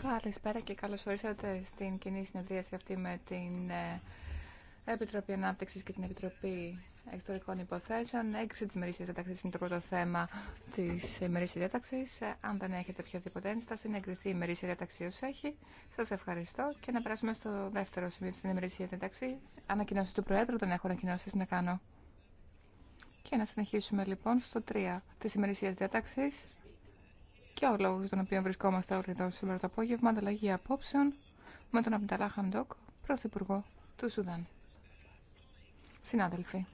Καλησπέρα και καλώς ορίσατε στην κοινή συνεδρίαση αυτή με την ε, Επιτροπή Ανάπτυξης και την Επιτροπή Εξωτερικών Υποθέσεων. Έγκριση της ημερήσιας διάταξης είναι το πρώτο θέμα της ημερήσιας διάταξης. Ε, αν δεν έχετε οποιαδήποτε ένσταση, είναι εγκριθεί η ημερήσια διάταξη ω έχει. Σας ευχαριστώ και να περάσουμε στο δεύτερο σημείο της ημερήσιας διάταξης. Ανακοινώσεις του Προέδρου, δεν έχω ανακοινώσεις να κάνω. Και να συνεχίσουμε λοιπόν στο 3 της ημερησίας διάταξης και ο λόγος τον οποίο βρισκόμαστε όλοι εδώ σήμερα το απόγευμα, ανταλλαγή απόψεων με τον Αμπιταλά Χαντοκ, Πρωθυπουργό του Σουδάν. Συνάδελφοι,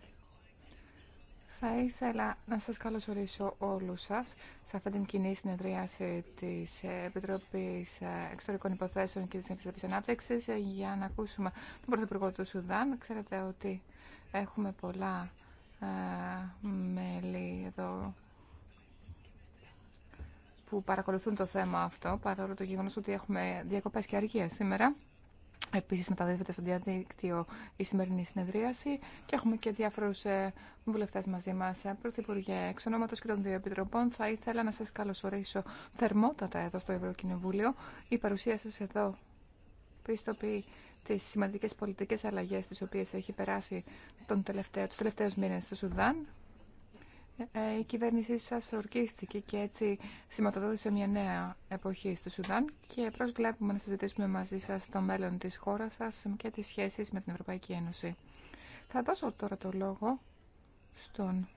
θα ήθελα να σας καλωσορίσω όλους σας σε αυτή την κοινή συνεδρίαση της Επιτροπής Εξωτερικών Υποθέσεων και της Εξωτερικής Ανάπτυξης για να ακούσουμε τον Πρωθυπουργό του Σουδάν. Ξέρετε ότι έχουμε πολλά μέλη εδώ που παρακολουθούν το θέμα αυτό, παρόλο το γεγονός ότι έχουμε διακοπές και αργία σήμερα. Επίσης μεταδίδεται στο διαδίκτυο η σημερινή συνεδρίαση και έχουμε και διάφορους ε, βουλευτές μαζί μας. Ε, Πρωθυπουργέ, εξ ονόματος και των δύο επιτροπών, θα ήθελα να σας καλωσορίσω θερμότατα εδώ στο Ευρωκοινοβούλιο. Η παρουσία σας εδώ πιστοποιεί τι σημαντικέ πολιτικέ αλλαγέ τι οποίε έχει περάσει τον τελευταίο, μήνε στο Σουδάν, ε, η κυβέρνησή σα ορκίστηκε και έτσι σηματοδότησε μια νέα εποχή στο Σουδάν και προσβλέπουμε να συζητήσουμε μαζί σα το μέλλον τη χώρα σα και τι σχέσει με την Ευρωπαϊκή Ένωση. Θα δώσω τώρα το λόγο στον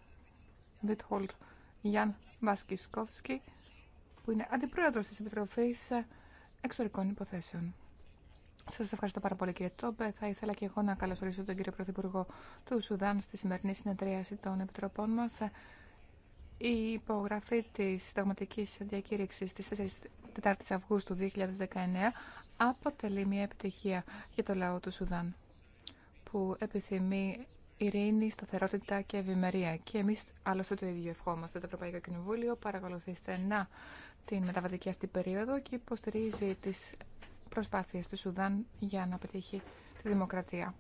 Βιτχολτ Γιάν Βασκισκόφσκι που είναι αντιπρόεδρος της Επιτροφής Εξωτερικών Υποθέσεων. Σα ευχαριστώ πάρα πολύ κύριε Τόμπε. Θα ήθελα και εγώ να καλωσορίσω τον κύριο Πρωθυπουργό του Σουδάν στη σημερινή συνεδρίαση των Επιτροπών μα. Η υπογραφή τη συνταγματική διακήρυξη τη 4 η Αυγούστου 2019 αποτελεί μια επιτυχία για το λαό του Σουδάν που επιθυμεί ειρήνη, σταθερότητα και ευημερία. Και εμεί άλλωστε το ίδιο ευχόμαστε. Το Ευρωπαϊκό Κοινοβούλιο Παρακολουθήστε, να, την μεταβατική αυτή περίοδο και υποστηρίζει τις προσπάθειες του Σουδάν για να πετύχει τη δημοκρατία.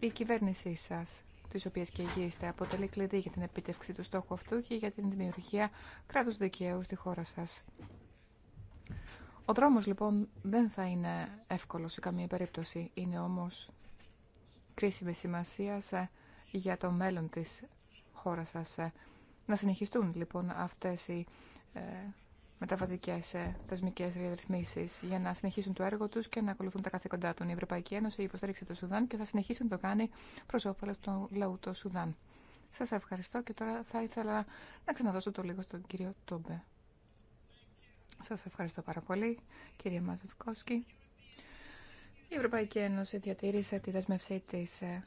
Η κυβέρνησή σας, τις οποίες και εγγύεστε, αποτελεί κλειδί για την επίτευξη του στόχου αυτού και για την δημιουργία κράτους δικαίου στη χώρα σας. Ο δρόμος λοιπόν δεν θα είναι εύκολος σε καμία περίπτωση. Είναι όμως κρίσιμη σημασία για το μέλλον της χώρας σας. Να συνεχιστούν λοιπόν αυτές οι ε, μεταβατικές ε, θεσμικέ ρυθμίσεις για να συνεχίσουν το έργο τους και να ακολουθούν τα καθήκοντά των. Η Ευρωπαϊκή Ένωση υποστήριξε το Σουδάν και θα συνεχίσει να το κάνει προς όφελος του λαού του Σουδάν. Σας ευχαριστώ και τώρα θα ήθελα να ξαναδώσω το λίγο στον κύριο Τόμπε. Σας ευχαριστώ πάρα πολύ, κύριε Μαζευκόσκη. Η Ευρωπαϊκή Ένωση διατήρησε τη δεσμευσή της ε,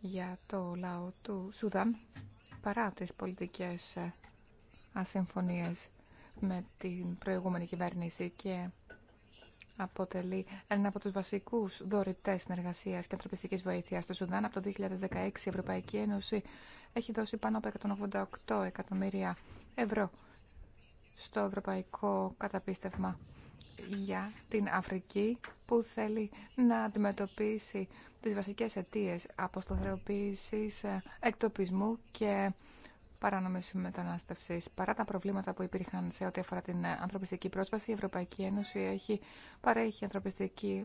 για το λαό του Σουδάν παρά τις πολιτικές ε, ασυμφωνίες με την προηγούμενη κυβέρνηση και αποτελεί ένα από τους βασικούς δωρητές συνεργασία και ανθρωπιστικής βοήθειας στο Σουδάν. Από το 2016 η Ευρωπαϊκή Ένωση έχει δώσει πάνω από 188 εκατομμύρια ευρώ στο ευρωπαϊκό καταπίστευμα για την Αφρική που θέλει να αντιμετωπίσει τις βασικές αιτίες αποσταθεροποίησης, εκτοπισμού και παράνομη μετανάστευση. Παρά τα προβλήματα που υπήρχαν σε ό,τι αφορά την ε, ανθρωπιστική πρόσβαση, η Ευρωπαϊκή Ένωση έχει παρέχει ανθρωπιστική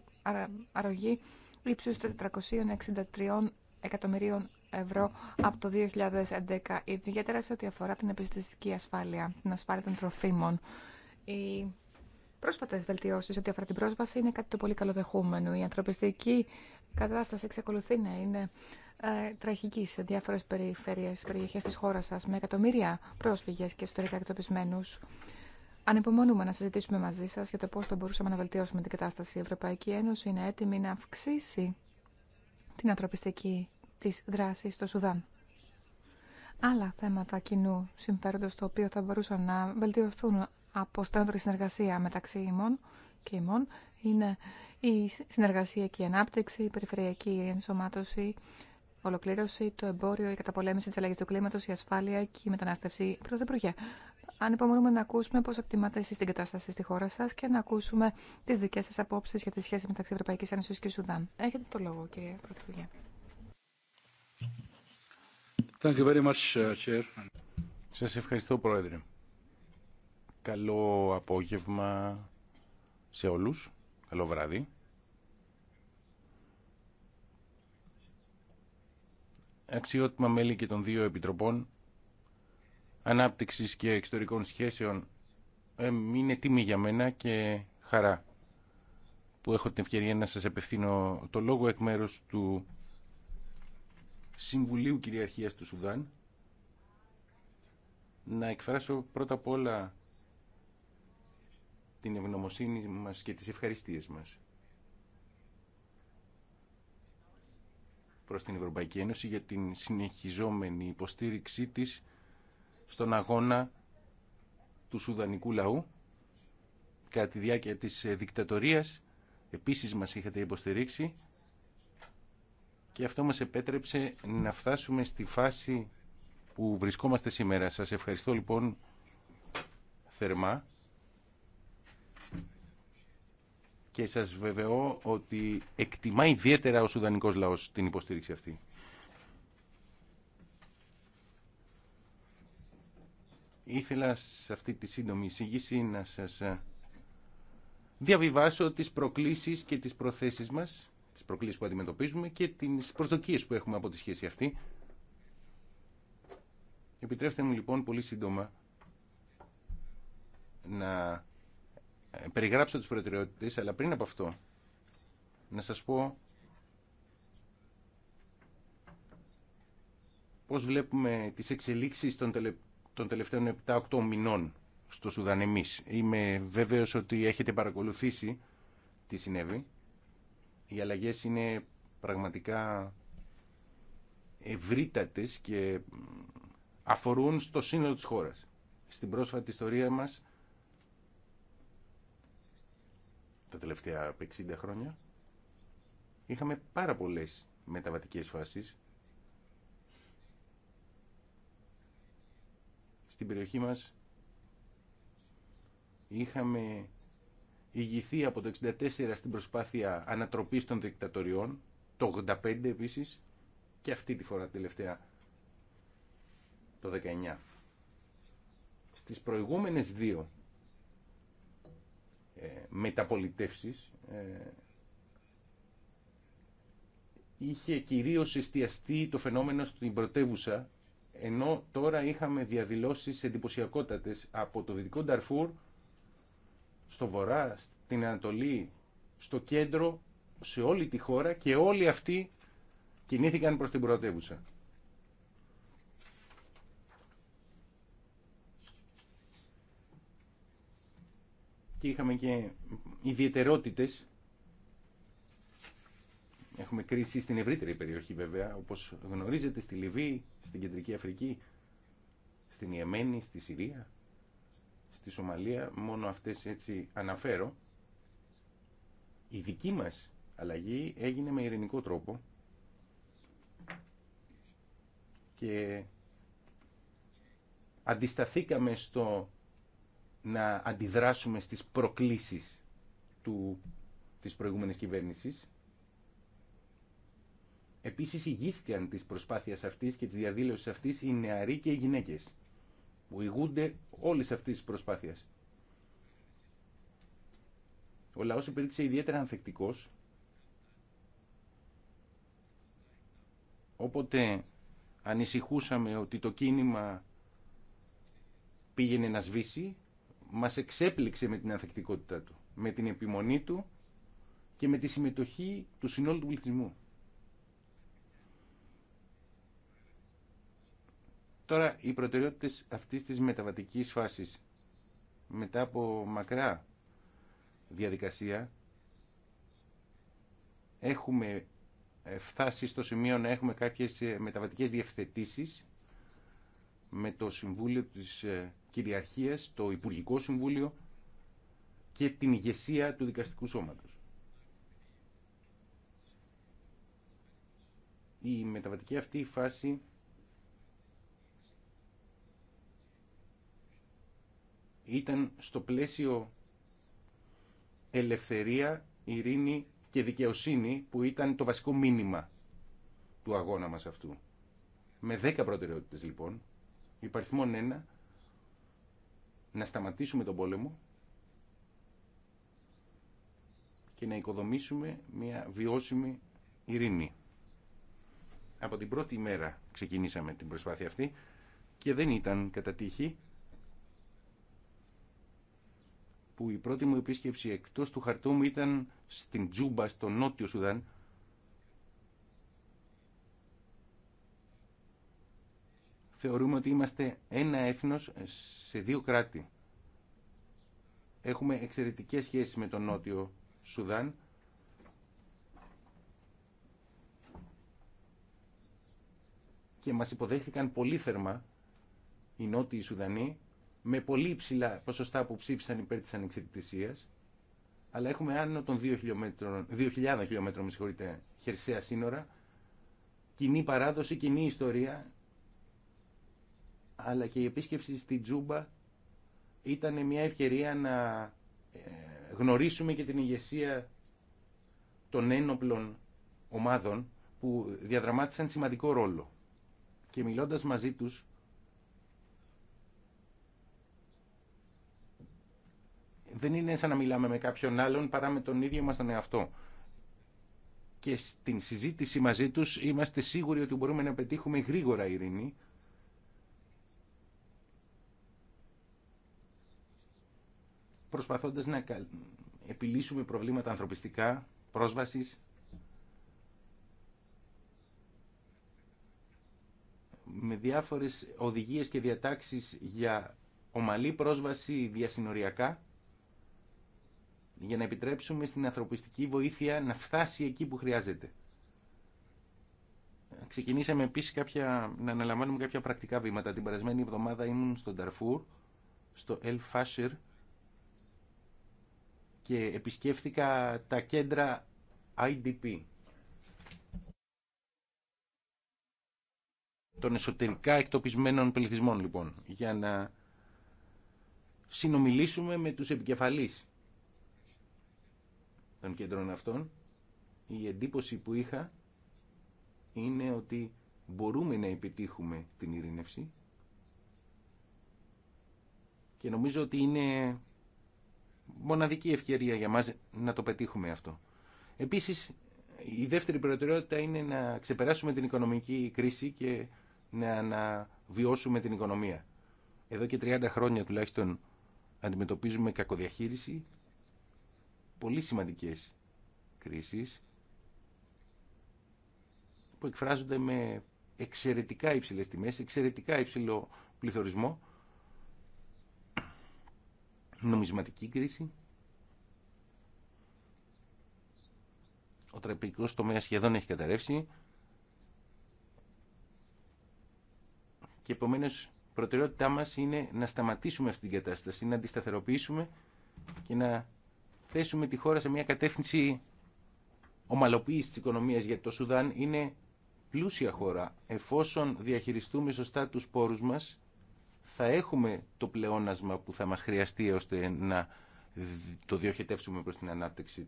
αρρωγή ύψου 463 εκατομμυρίων ευρώ από το 2011, ιδιαίτερα σε ό,τι αφορά την επιστημιστική ασφάλεια, την ασφάλεια των τροφίμων. Οι πρόσφατε βελτιώσει ό,τι αφορά την πρόσβαση είναι κάτι το πολύ καλοδεχούμενο. Η ανθρωπιστική κατάσταση εξακολουθεί να είναι ε, τραγική σε διάφορε περιοχέ τη χώρα σα, με εκατομμύρια πρόσφυγε και ιστορικά εκτοπισμένου. Ανυπομονούμε να συζητήσουμε μαζί σα για το πώ θα μπορούσαμε να βελτιώσουμε την κατάσταση. Η Ευρωπαϊκή Ένωση είναι έτοιμη να αυξήσει την ανθρωπιστική τη δράση στο Σουδάν. Άλλα θέματα κοινού συμφέροντο, το οποίο θα μπορούσαν να βελτιωθούν από στάντορη συνεργασία μεταξύ ημών και ημών, είναι η συνεργασία και η ανάπτυξη, η περιφερειακή ενσωμάτωση, Ολοκλήρωση, το εμπόριο, η καταπολέμηση τη αλλαγή του κλίματο, η ασφάλεια και η μετανάστευση. Πρωθυπουργέ, αν υπομονούμε να ακούσουμε πώ εκτιμάτε εσεί την κατάσταση στη χώρα σα και να ακούσουμε τι δικέ σα απόψει για τη σχέση μεταξύ Ευρωπαϊκή Ένωση και Σουδάν. Έχετε το λόγο, κύριε Πρωθυπουργέ. Thank uh, ευχαριστώ, Πρόεδρε. Καλό απόγευμα σε όλου, Καλό βράδυ. αξιότιμα μέλη και των δύο επιτροπών ανάπτυξης και εξωτερικών σχέσεων ε, είναι τιμή για μένα και χαρά που έχω την ευκαιρία να σας επευθύνω το λόγο εκ μέρους του Συμβουλίου Κυριαρχίας του Σουδάν να εκφράσω πρώτα απ' όλα την ευγνωμοσύνη μας και τις ευχαριστίες μας προς την Ευρωπαϊκή Ένωση για την συνεχιζόμενη υποστήριξή της στον αγώνα του Σουδανικού λαού κατά τη διάρκεια της ε, δικτατορίας. Επίσης μας είχατε υποστηρίξει και αυτό μας επέτρεψε να φτάσουμε στη φάση που βρισκόμαστε σήμερα. Σας ευχαριστώ λοιπόν θερμά και σας βεβαιώ ότι εκτιμά ιδιαίτερα ο Σουδανικός λαός την υποστήριξη αυτή. Ήθελα σε αυτή τη σύντομη εισήγηση να σας ε, διαβιβάσω τις προκλήσεις και τις προθέσεις μας, τις προκλήσεις που αντιμετωπίζουμε και τις προσδοκίες που έχουμε από τη σχέση αυτή. Επιτρέψτε μου λοιπόν πολύ σύντομα να ε, περιγράψω τις προτεραιότητες, αλλά πριν από αυτό να σας πω πώς βλέπουμε τις εξελίξεις των, τελε... των τελευταίων 7-8 μηνών στο Σουδάν Είμαι βέβαιος ότι έχετε παρακολουθήσει τι συνέβη. Οι αλλαγές είναι πραγματικά ευρύτατες και αφορούν στο σύνολο της χώρας. Στην πρόσφατη ιστορία μας τα τελευταία 60 χρόνια, είχαμε πάρα πολλές μεταβατικές φάσεις στην περιοχή μας είχαμε ηγηθεί από το 64 στην προσπάθεια ανατροπής των δικτατοριών το 85 επίσης και αυτή τη φορά τελευταία το 19 στις προηγούμενες δύο ε, μεταπολιτεύσεις ε, είχε κυρίως εστιαστεί το φαινόμενο στην πρωτεύουσα ενώ τώρα είχαμε διαδηλώσεις εντυπωσιακότατες από το δυτικό Νταρφούρ στο βορρά, στην Ανατολή, στο κέντρο, σε όλη τη χώρα και όλοι αυτοί κινήθηκαν προς την πρωτεύουσα. και είχαμε και ιδιαίτερότητε Έχουμε κρίση στην ευρύτερη περιοχή βέβαια, όπως γνωρίζετε, στη Λιβύη, στην Κεντρική Αφρική, στην Ιεμένη, στη Συρία, στη Σομαλία, μόνο αυτές έτσι αναφέρω. Η δική μας αλλαγή έγινε με ειρηνικό τρόπο και αντισταθήκαμε στο να αντιδράσουμε στις προκλήσεις του, της προηγούμενης κυβέρνησης. Επίσης ηγήθηκαν της προσπάθειας αυτής και της διαδήλωσης αυτής οι νεαροί και οι γυναίκες που ηγούνται όλες αυτής τις προσπάθειες. Ο λαός υπήρξε ιδιαίτερα ανθεκτικός όποτε ανησυχούσαμε ότι το κίνημα πήγαινε να σβήσει μας εξέπληξε με την ανθεκτικότητά του, με την επιμονή του και με τη συμμετοχή του συνόλου του πληθυσμού. Τώρα, οι προτεραιότητες αυτής της μεταβατικής φάσης, μετά από μακρά διαδικασία, έχουμε ε, φτάσει στο σημείο να έχουμε κάποιες ε, μεταβατικές διευθετήσεις με το Συμβούλιο της ε, κυριαρχία το Υπουργικό Συμβούλιο και την ηγεσία του δικαστικού σώματος. Η μεταβατική αυτή φάση ήταν στο πλαίσιο ελευθερία, ειρήνη και δικαιοσύνη που ήταν το βασικό μήνυμα του αγώνα μας αυτού. Με 10 προτεραιότητες λοιπόν, υπαριθμόν ένα, να σταματήσουμε τον πόλεμο και να οικοδομήσουμε μια βιώσιμη ειρήνη. Από την πρώτη μέρα ξεκινήσαμε την προσπάθεια αυτή και δεν ήταν κατά τύχη που η πρώτη μου επίσκεψη εκτός του χαρτού μου ήταν στην Τζούμπα, στο νότιο Σουδάν, θεωρούμε ότι είμαστε ένα έθνος σε δύο κράτη. Έχουμε εξαιρετικές σχέσεις με τον Νότιο Σουδάν. Και μας υποδέχθηκαν πολύ θερμά οι Νότιοι Σουδανοί με πολύ υψηλά ποσοστά που ψήφισαν υπέρ της ανεξαρτησίας αλλά έχουμε άνω των 2.000 χιλιόμετρων, 2000 χιλιόμετρων χερσαία σύνορα κοινή παράδοση, κοινή ιστορία αλλά και η επίσκεψη στη Τζούμπα ήταν μια ευκαιρία να ε, γνωρίσουμε και την ηγεσία των ένοπλων ομάδων που διαδραμάτισαν σημαντικό ρόλο. Και μιλώντας μαζί τους, δεν είναι σαν να μιλάμε με κάποιον άλλον παρά με τον ίδιο μας τον εαυτό. Και στην συζήτηση μαζί τους είμαστε σίγουροι ότι μπορούμε να πετύχουμε γρήγορα ειρήνη, προσπαθώντας να επιλύσουμε προβλήματα ανθρωπιστικά, πρόσβασης, με διάφορες οδηγίες και διατάξεις για ομαλή πρόσβαση διασυνοριακά, για να επιτρέψουμε στην ανθρωπιστική βοήθεια να φτάσει εκεί που χρειάζεται. Ξεκινήσαμε επίσης κάποια, να αναλαμβάνουμε κάποια πρακτικά βήματα. Την περασμένη εβδομάδα ήμουν στον Ταρφούρ, στο El Fasher, και επισκέφθηκα τα κέντρα IDP. των εσωτερικά εκτοπισμένων πληθυσμών λοιπόν για να συνομιλήσουμε με τους επικεφαλείς των κέντρων αυτών η εντύπωση που είχα είναι ότι μπορούμε να επιτύχουμε την ειρήνευση και νομίζω ότι είναι μοναδική ευκαιρία για μας να το πετύχουμε αυτό. Επίσης, η δεύτερη προτεραιότητα είναι να ξεπεράσουμε την οικονομική κρίση και να αναβιώσουμε την οικονομία. Εδώ και 30 χρόνια τουλάχιστον αντιμετωπίζουμε κακοδιαχείριση, πολύ σημαντικές κρίσεις που εκφράζονται με εξαιρετικά υψηλές τιμές, εξαιρετικά υψηλό πληθωρισμό νομισματική κρίση, ο τραπεζικός τομέας σχεδόν έχει καταρρεύσει και επομένως προτεραιότητά μας είναι να σταματήσουμε αυτή την κατάσταση, να αντισταθεροποιήσουμε και να θέσουμε τη χώρα σε μια κατεύθυνση ομαλοποίηση της οικονομίας γιατί το Σουδάν είναι πλούσια χώρα εφόσον διαχειριστούμε σωστά τους πόρους μας θα έχουμε το πλεόνασμα που θα μας χρειαστεί ώστε να το διοχετεύσουμε προς την ανάπτυξη,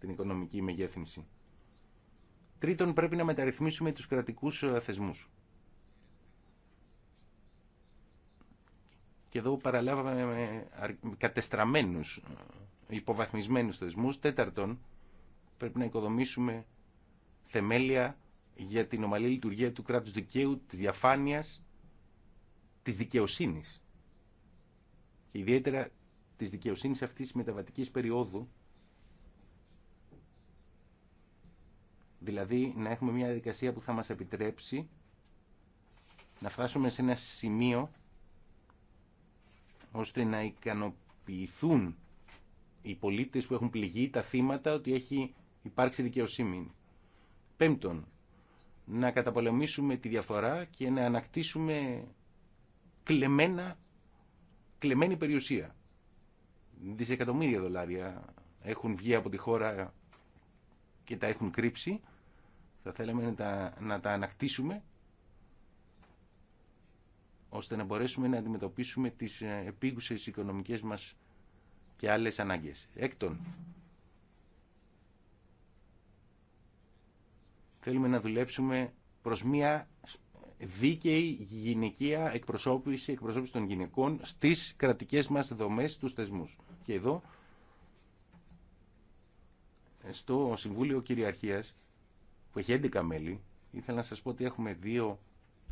την οικονομική μεγέθυνση. Τρίτον, πρέπει να μεταρρυθμίσουμε τους κρατικούς ε, θεσμούς. Και εδώ παραλάβαμε κατεστραμμένους, ε, υποβαθμισμένους θεσμούς. Τέταρτον, πρέπει να οικοδομήσουμε θεμέλια για την ομαλή λειτουργία του κράτους δικαίου, της διαφάνειας της δικαιοσύνης. Και ιδιαίτερα της δικαιοσύνης αυτής της μεταβατικής περίοδου, δηλαδή να έχουμε μια διαδικασία που θα μας επιτρέψει να φτάσουμε σε ένα σημείο ώστε να ικανοποιηθούν οι πολίτες που έχουν πληγεί, τα θύματα, ότι έχει υπάρξει δικαιοσύνη. Πέμπτον, να καταπολεμήσουμε τη διαφορά και να ανακτήσουμε κλεμμένα, κλεμμένη περιουσία. Δισεκατομμύρια δολάρια έχουν βγει από τη χώρα και τα έχουν κρύψει. Θα θέλαμε να τα, να τα ανακτήσουμε ώστε να μπορέσουμε να αντιμετωπίσουμε τις ε, επίγουσες οικονομικές μας και άλλες ανάγκες. Έκτον, θέλουμε να δουλέψουμε προς μία δίκαιη γυναικεία εκπροσώπηση, εκπροσώπηση των γυναικών στις κρατικές μας δομές, του θεσμούς. Και εδώ, στο Συμβούλιο Κυριαρχίας, που έχει 11 μέλη, ήθελα να σας πω ότι έχουμε δύο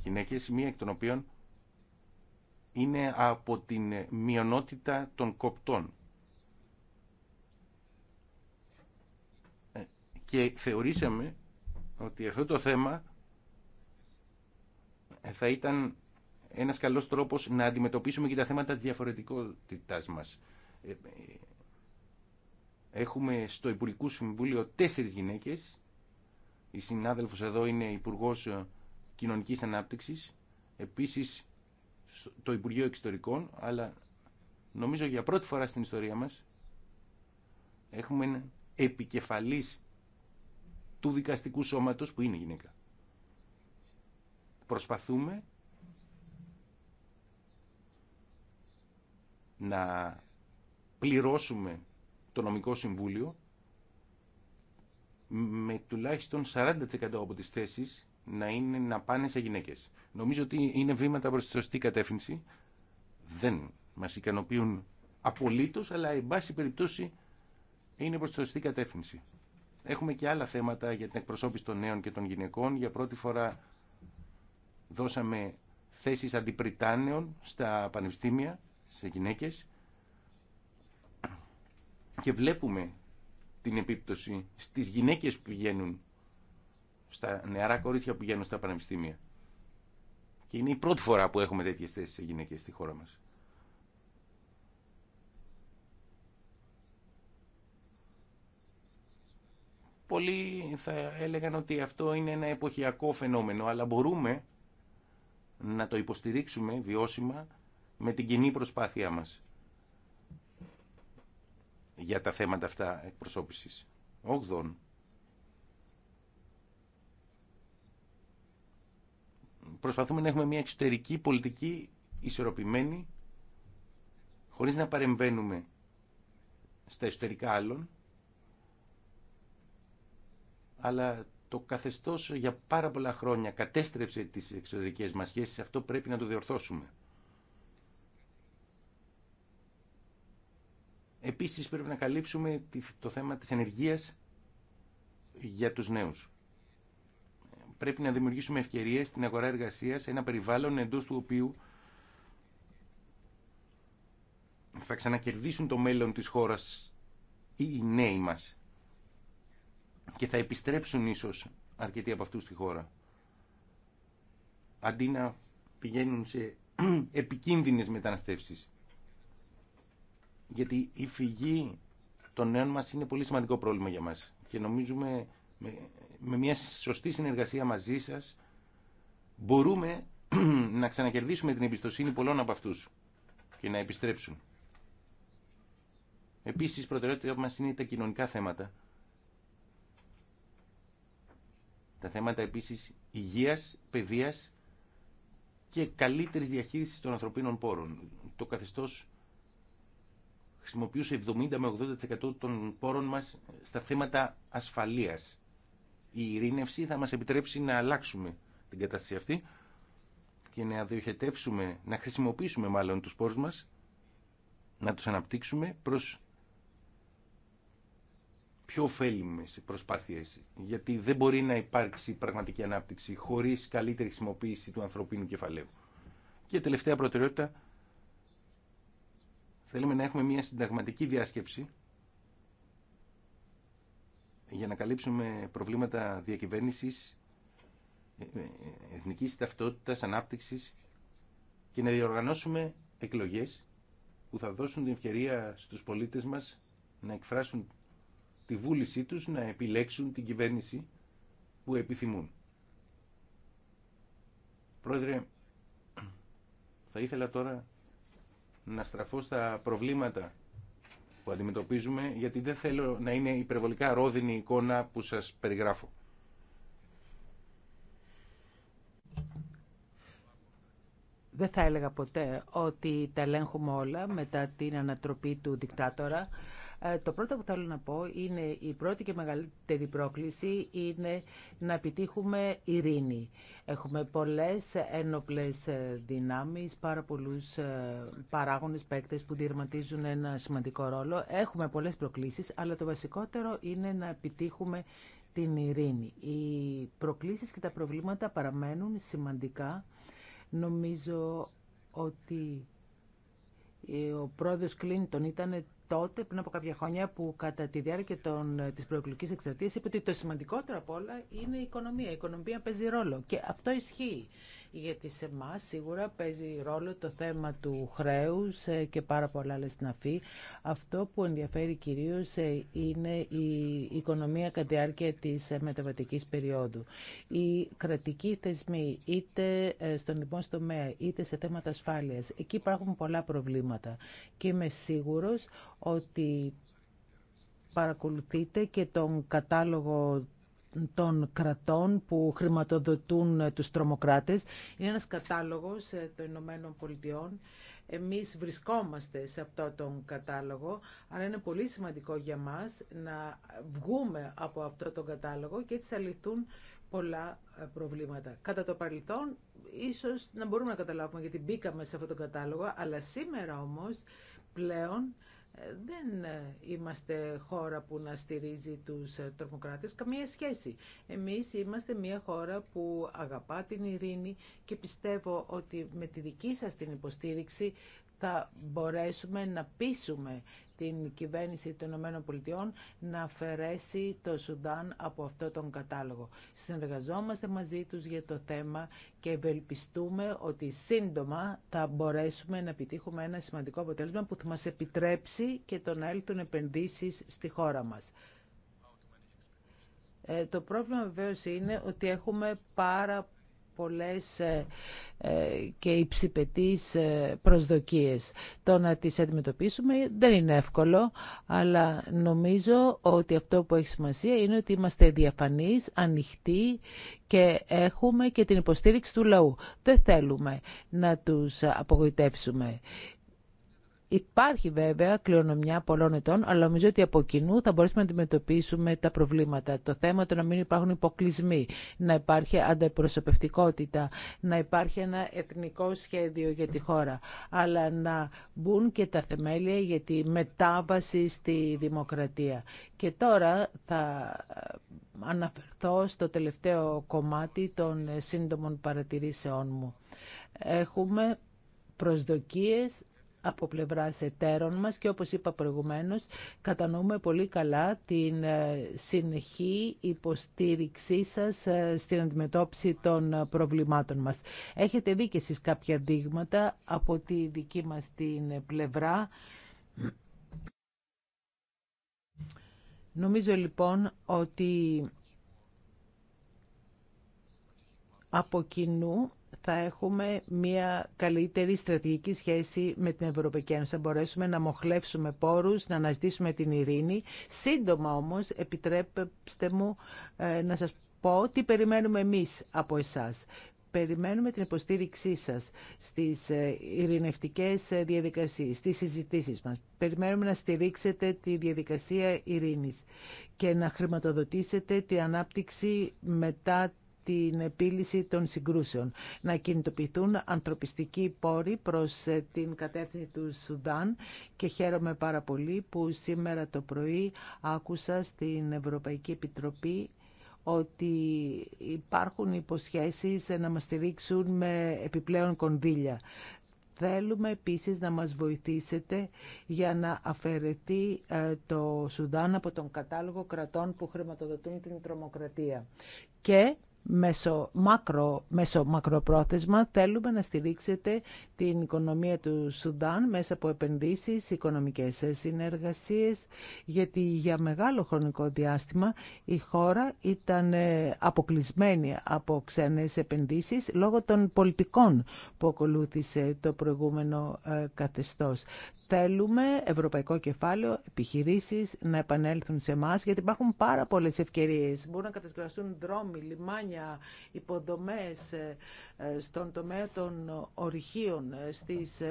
γυναίκες, μία εκ των οποίων είναι από την μειονότητα των κοπτών. Ε, και θεωρήσαμε ότι αυτό το θέμα θα ήταν ένας καλός τρόπος να αντιμετωπίσουμε και τα θέματα της διαφορετικότητάς μας. Ε, έχουμε στο Υπουργικό Συμβούλιο τέσσερις γυναίκες. Η συνάδελφος εδώ είναι υπουργό ε, Κοινωνικής Ανάπτυξης. Επίσης το Υπουργείο Εξωτερικών, αλλά νομίζω για πρώτη φορά στην ιστορία μας έχουμε έναν επικεφαλής του δικαστικού σώματος που είναι γυναίκα. Προσπαθούμε να πληρώσουμε το νομικό συμβούλιο με τουλάχιστον 40% από τις θέσεις να, είναι, να πάνε σε γυναίκες. Νομίζω ότι είναι βήματα προς τη σωστή κατεύθυνση. Δεν μας ικανοποιούν απολύτως, αλλά εν πάση περιπτώσει είναι προς τη σωστή κατεύθυνση. Έχουμε και άλλα θέματα για την εκπροσώπηση των νέων και των γυναικών. Για πρώτη φορά δώσαμε θέσεις αντιπριτάνεων στα πανεπιστήμια, σε γυναίκες και βλέπουμε την επίπτωση στις γυναίκες που πηγαίνουν, στα νεαρά κορίτσια που πηγαίνουν στα πανεπιστήμια. Και είναι η πρώτη φορά που έχουμε τέτοιες θέσεις σε γυναίκες στη χώρα μας. Πολλοί θα έλεγαν ότι αυτό είναι ένα εποχιακό φαινόμενο, αλλά μπορούμε να το υποστηρίξουμε βιώσιμα με την κοινή προσπάθειά μας για τα θέματα αυτά εκπροσώπησης. 8. Προσπαθούμε να έχουμε μια εξωτερική πολιτική ισορροπημένη χωρίς να παρεμβαίνουμε στα εσωτερικά άλλων αλλά το καθεστώς για πάρα πολλά χρόνια κατέστρεψε τις εξωτερικές μας σχέσεις, αυτό πρέπει να το διορθώσουμε. Επίσης πρέπει να καλύψουμε το θέμα της ενεργείας για τους νέους. Πρέπει να δημιουργήσουμε ευκαιρίες στην αγορά εργασίας, ένα περιβάλλον εντός του οποίου θα ξανακερδίσουν το μέλλον της χώρας ή οι νέοι μας και θα επιστρέψουν ίσως αρκετοί από αυτούς στη χώρα. Αντί να πηγαίνουν σε επικίνδυνες μεταναστεύσεις. Γιατί η φυγή των νέων μας είναι πολύ σημαντικό πρόβλημα για μας. Και νομίζουμε με, μια σωστή συνεργασία μαζί σας μπορούμε να ξανακερδίσουμε την εμπιστοσύνη πολλών από αυτούς και να επιστρέψουν. Επίσης, προτεραιότητα μας είναι τα κοινωνικά θέματα Τα θέματα επίσης υγείας, παιδεία και καλύτερης διαχείρισης των ανθρωπίνων πόρων. Το καθεστώ χρησιμοποιούσε 70 με 80% των πόρων μας στα θέματα ασφαλείας. Η ειρήνευση θα μας επιτρέψει να αλλάξουμε την κατάσταση αυτή και να διοχετεύσουμε, να χρησιμοποιήσουμε μάλλον τους πόρους μας, να τους αναπτύξουμε προς πιο ωφέλιμε προσπάθειες, γιατί δεν μπορεί να υπάρξει πραγματική ανάπτυξη χωρίς καλύτερη χρησιμοποίηση του ανθρωπίνου κεφαλαίου. Και τελευταία προτεραιότητα, θέλουμε να έχουμε μια συνταγματική διάσκεψη για να καλύψουμε προβλήματα διακυβέρνησης, εθνικής ταυτότητα, ανάπτυξης και να διοργανώσουμε εκλογέ που θα δώσουν την ευκαιρία στους πολίτες μας να εκφράσουν τη βούλησή τους να επιλέξουν την κυβέρνηση που επιθυμούν. Πρόεδρε, θα ήθελα τώρα να στραφώ στα προβλήματα που αντιμετωπίζουμε, γιατί δεν θέλω να είναι υπερβολικά ρόδινη η εικόνα που σας περιγράφω. Δεν θα έλεγα ποτέ ότι τα ελέγχουμε όλα μετά την ανατροπή του δικτάτορα. Ε, το πρώτο που θέλω να πω είναι η πρώτη και μεγαλύτερη πρόκληση είναι να επιτύχουμε ειρήνη. Έχουμε πολλές ένοπλες ε, δυνάμεις, πάρα πολλούς ε, παράγονες παίκτες που διερματίζουν ένα σημαντικό ρόλο. Έχουμε πολλές προκλήσεις, αλλά το βασικότερο είναι να επιτύχουμε την ειρήνη. Οι προκλήσεις και τα προβλήματα παραμένουν σημαντικά. Νομίζω ότι ο πρόεδρος Κλίντον ήταν τότε, πριν από κάποια χρόνια, που κατά τη διάρκεια των, της προεκλογικής εκστρατείας είπε ότι το σημαντικότερο από όλα είναι η οικονομία. Η οικονομία παίζει ρόλο και αυτό ισχύει γιατί σε εμά σίγουρα παίζει ρόλο το θέμα του χρέους ε, και πάρα πολλά άλλα στην αφή. Αυτό που ενδιαφέρει κυρίως ε, είναι η οικονομία κατά τη διάρκεια της ε, μεταβατικής περίοδου. Οι κρατικοί θεσμοί είτε στον λοιπόν τομέα είτε σε θέματα ασφάλειας, εκεί υπάρχουν πολλά προβλήματα και είμαι σίγουρος ότι παρακολουθείτε και τον κατάλογο των κρατών που χρηματοδοτούν ε, τους τρομοκράτες. Είναι ένας κατάλογος ε, των Ηνωμένων Πολιτειών. Εμείς βρισκόμαστε σε αυτό τον κατάλογο, αλλά είναι πολύ σημαντικό για μας να βγούμε από αυτό τον κατάλογο και έτσι θα λυθούν πολλά ε, προβλήματα. Κατά το παρελθόν, ίσως να μπορούμε να καταλάβουμε γιατί μπήκαμε σε αυτό τον κατάλογο, αλλά σήμερα όμως πλέον δεν είμαστε χώρα που να στηρίζει τους ε, τρομοκράτες, καμία σχέση. Εμείς είμαστε μια χώρα που αγαπά την ειρήνη και πιστεύω ότι με τη δική σας την υποστήριξη θα μπορέσουμε να πείσουμε την κυβέρνηση των ΗΠΑ να αφαιρέσει το Σουδάν από αυτό τον κατάλογο. Συνεργαζόμαστε μαζί τους για το θέμα και ευελπιστούμε ότι σύντομα θα μπορέσουμε να επιτύχουμε ένα σημαντικό αποτέλεσμα που θα μας επιτρέψει και το να έλθουν επενδύσεις στη χώρα μας. Ε, το πρόβλημα βεβαίως είναι ότι έχουμε πάρα πολλές ε, ε, και υψηπετείς ε, προσδοκίες. Το να τις αντιμετωπίσουμε δεν είναι εύκολο, αλλά νομίζω ότι αυτό που έχει σημασία είναι ότι είμαστε διαφανείς, ανοιχτοί και έχουμε και την υποστήριξη του λαού. Δεν θέλουμε να τους απογοητεύσουμε. Υπάρχει βέβαια κληρονομιά πολλών ετών, αλλά νομίζω ότι από κοινού θα μπορέσουμε να αντιμετωπίσουμε τα προβλήματα. Το θέμα το να μην υπάρχουν υποκλεισμοί, να υπάρχει ανταπροσωπευτικότητα, να υπάρχει ένα εθνικό σχέδιο για τη χώρα, αλλά να μπουν και τα θεμέλια για τη μετάβαση στη δημοκρατία. Και τώρα θα αναφερθώ στο τελευταίο κομμάτι των σύντομων παρατηρήσεών μου. Έχουμε προσδοκίες από πλευράς εταίρων μας και όπως είπα προηγουμένως κατανοούμε πολύ καλά την ε, συνεχή υποστήριξή σας ε, στην αντιμετώπιση των ε, προβλημάτων μας. Έχετε δει και εσείς κάποια δείγματα από τη δική μας την πλευρά. Νομίζω λοιπόν ότι από κοινού θα έχουμε μια καλύτερη στρατηγική σχέση με την Ευρωπαϊκή Ένωση. Θα μπορέσουμε να μοχλεύσουμε πόρους, να αναζητήσουμε την ειρήνη. Σύντομα όμως, επιτρέψτε μου ε, να σας πω τι περιμένουμε εμείς από εσάς. Περιμένουμε την υποστήριξή σας στις ε, ειρηνευτικές ε, διαδικασίες, στις συζητήσεις μας. Περιμένουμε να στηρίξετε τη διαδικασία ειρήνης και να χρηματοδοτήσετε την ανάπτυξη μετά την επίλυση των συγκρούσεων. Να κινητοποιηθούν ανθρωπιστικοί πόροι προς ε, την κατεύθυνση του Σουδάν και χαίρομαι πάρα πολύ που σήμερα το πρωί άκουσα στην Ευρωπαϊκή Επιτροπή ότι υπάρχουν υποσχέσεις ε, να μας στηρίξουν με επιπλέον κονδύλια. Θέλουμε επίσης να μας βοηθήσετε για να αφαιρεθεί ε, το Σουδάν από τον κατάλογο κρατών που χρηματοδοτούν την τρομοκρατία. Και μέσω, μακρο, μέσω μακροπρόθεσμα θέλουμε να στηρίξετε την οικονομία του Σουδάν μέσα από επενδύσεις, οικονομικές συνεργασίες, γιατί για μεγάλο χρονικό διάστημα η χώρα ήταν ε, αποκλεισμένη από ξένες επενδύσεις λόγω των πολιτικών που ακολούθησε το προηγούμενο ε, καθεστώς. Θέλουμε ευρωπαϊκό κεφάλαιο, επιχειρήσεις να επανέλθουν σε εμά, γιατί υπάρχουν πάρα πολλές ευκαιρίες. Μπορούν να κατασκευαστούν δρόμοι, λιμάνια, για υποδομές ε, ε, στον τομέα των ορυχείων, ε, στις,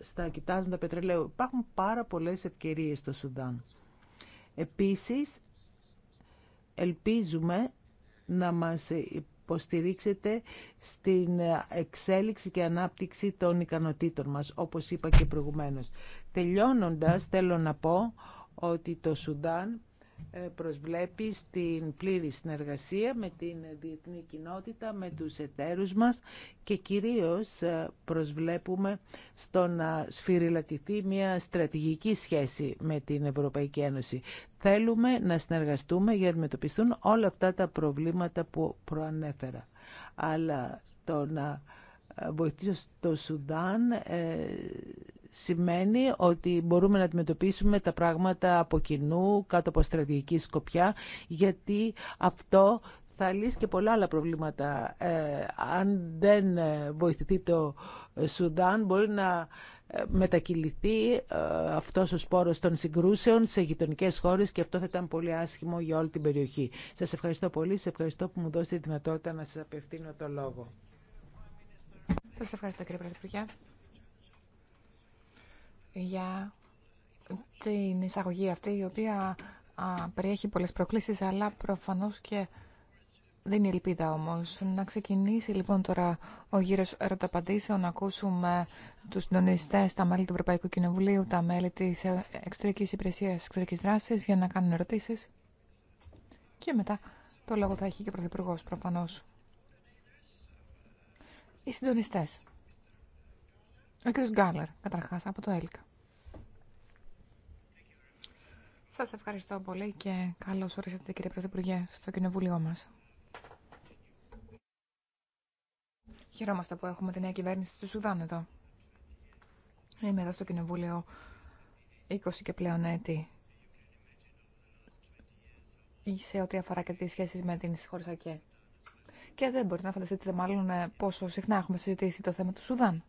στα κοιτάζοντα πετρελαίου. Υπάρχουν πάρα πολλές ευκαιρίες στο Σουδάν. Επίσης, ελπίζουμε να μας υποστηρίξετε στην εξέλιξη και ανάπτυξη των ικανοτήτων μας, όπως είπα και προηγουμένως. Τελειώνοντας, θέλω να πω ότι το Σουδάν ε, προσβλέπει στην πλήρη συνεργασία με την διεθνή κοινότητα, με τους εταίρους μας και κυρίως ε, προσβλέπουμε στο να σφυριλατηθεί μια στρατηγική σχέση με την Ευρωπαϊκή Ένωση. Θέλουμε να συνεργαστούμε για να αντιμετωπιστούν όλα αυτά τα προβλήματα που προανέφερα. Αλλά το να ε, βοηθήσω στο Σουδάν σημαίνει ότι μπορούμε να αντιμετωπίσουμε τα πράγματα από κοινού, κάτω από στρατηγική σκοπιά, γιατί αυτό θα λύσει και πολλά άλλα προβλήματα. Ε, αν δεν ε, βοηθηθεί το Σουδάν, μπορεί να ε, μετακυληθεί αυτός ο σπόρος των συγκρούσεων σε γειτονικέ χώρες και αυτό θα ήταν πολύ άσχημο για όλη την περιοχή. Σας ευχαριστώ πολύ, σας ευχαριστώ που μου δώσετε τη δυνατότητα να σας απευθύνω το λόγο. Σας ευχαριστώ κύριε Πρωθυπουργέ για την εισαγωγή αυτή η οποία α, περιέχει πολλές προκλήσεις αλλά προφανώς και δίνει ελπίδα όμως. Να ξεκινήσει λοιπόν τώρα ο γύρος ερωταπαντήσεων, να ακούσουμε τους συντονιστέ, τα μέλη του Ευρωπαϊκού Κοινοβουλίου, τα μέλη της Εξωτερικής Υπηρεσίας Εξωτερικής Δράσης για να κάνουν ερωτήσεις και μετά το λόγο θα έχει και ο Πρωθυπουργός προφανώς. Οι συντονιστές. Ο κ. Γκάλερ, καταρχάς, από το ΕΛΚΑ. Σας ευχαριστώ πολύ και καλώς ορίσατε κύριε Πρωθυπουργέ στο κοινοβούλιο μας. Χαιρόμαστε που έχουμε τη νέα κυβέρνηση του Σουδάν εδώ. Είμαι εδώ στο κοινοβούλιο 20 και πλέον έτη. Σε ό,τι αφορά και τις σχέσεις με την συγχωρησακή. Και δεν μπορείτε να φανταστείτε μάλλον ε, πόσο συχνά έχουμε συζητήσει το θέμα του Σουδάν.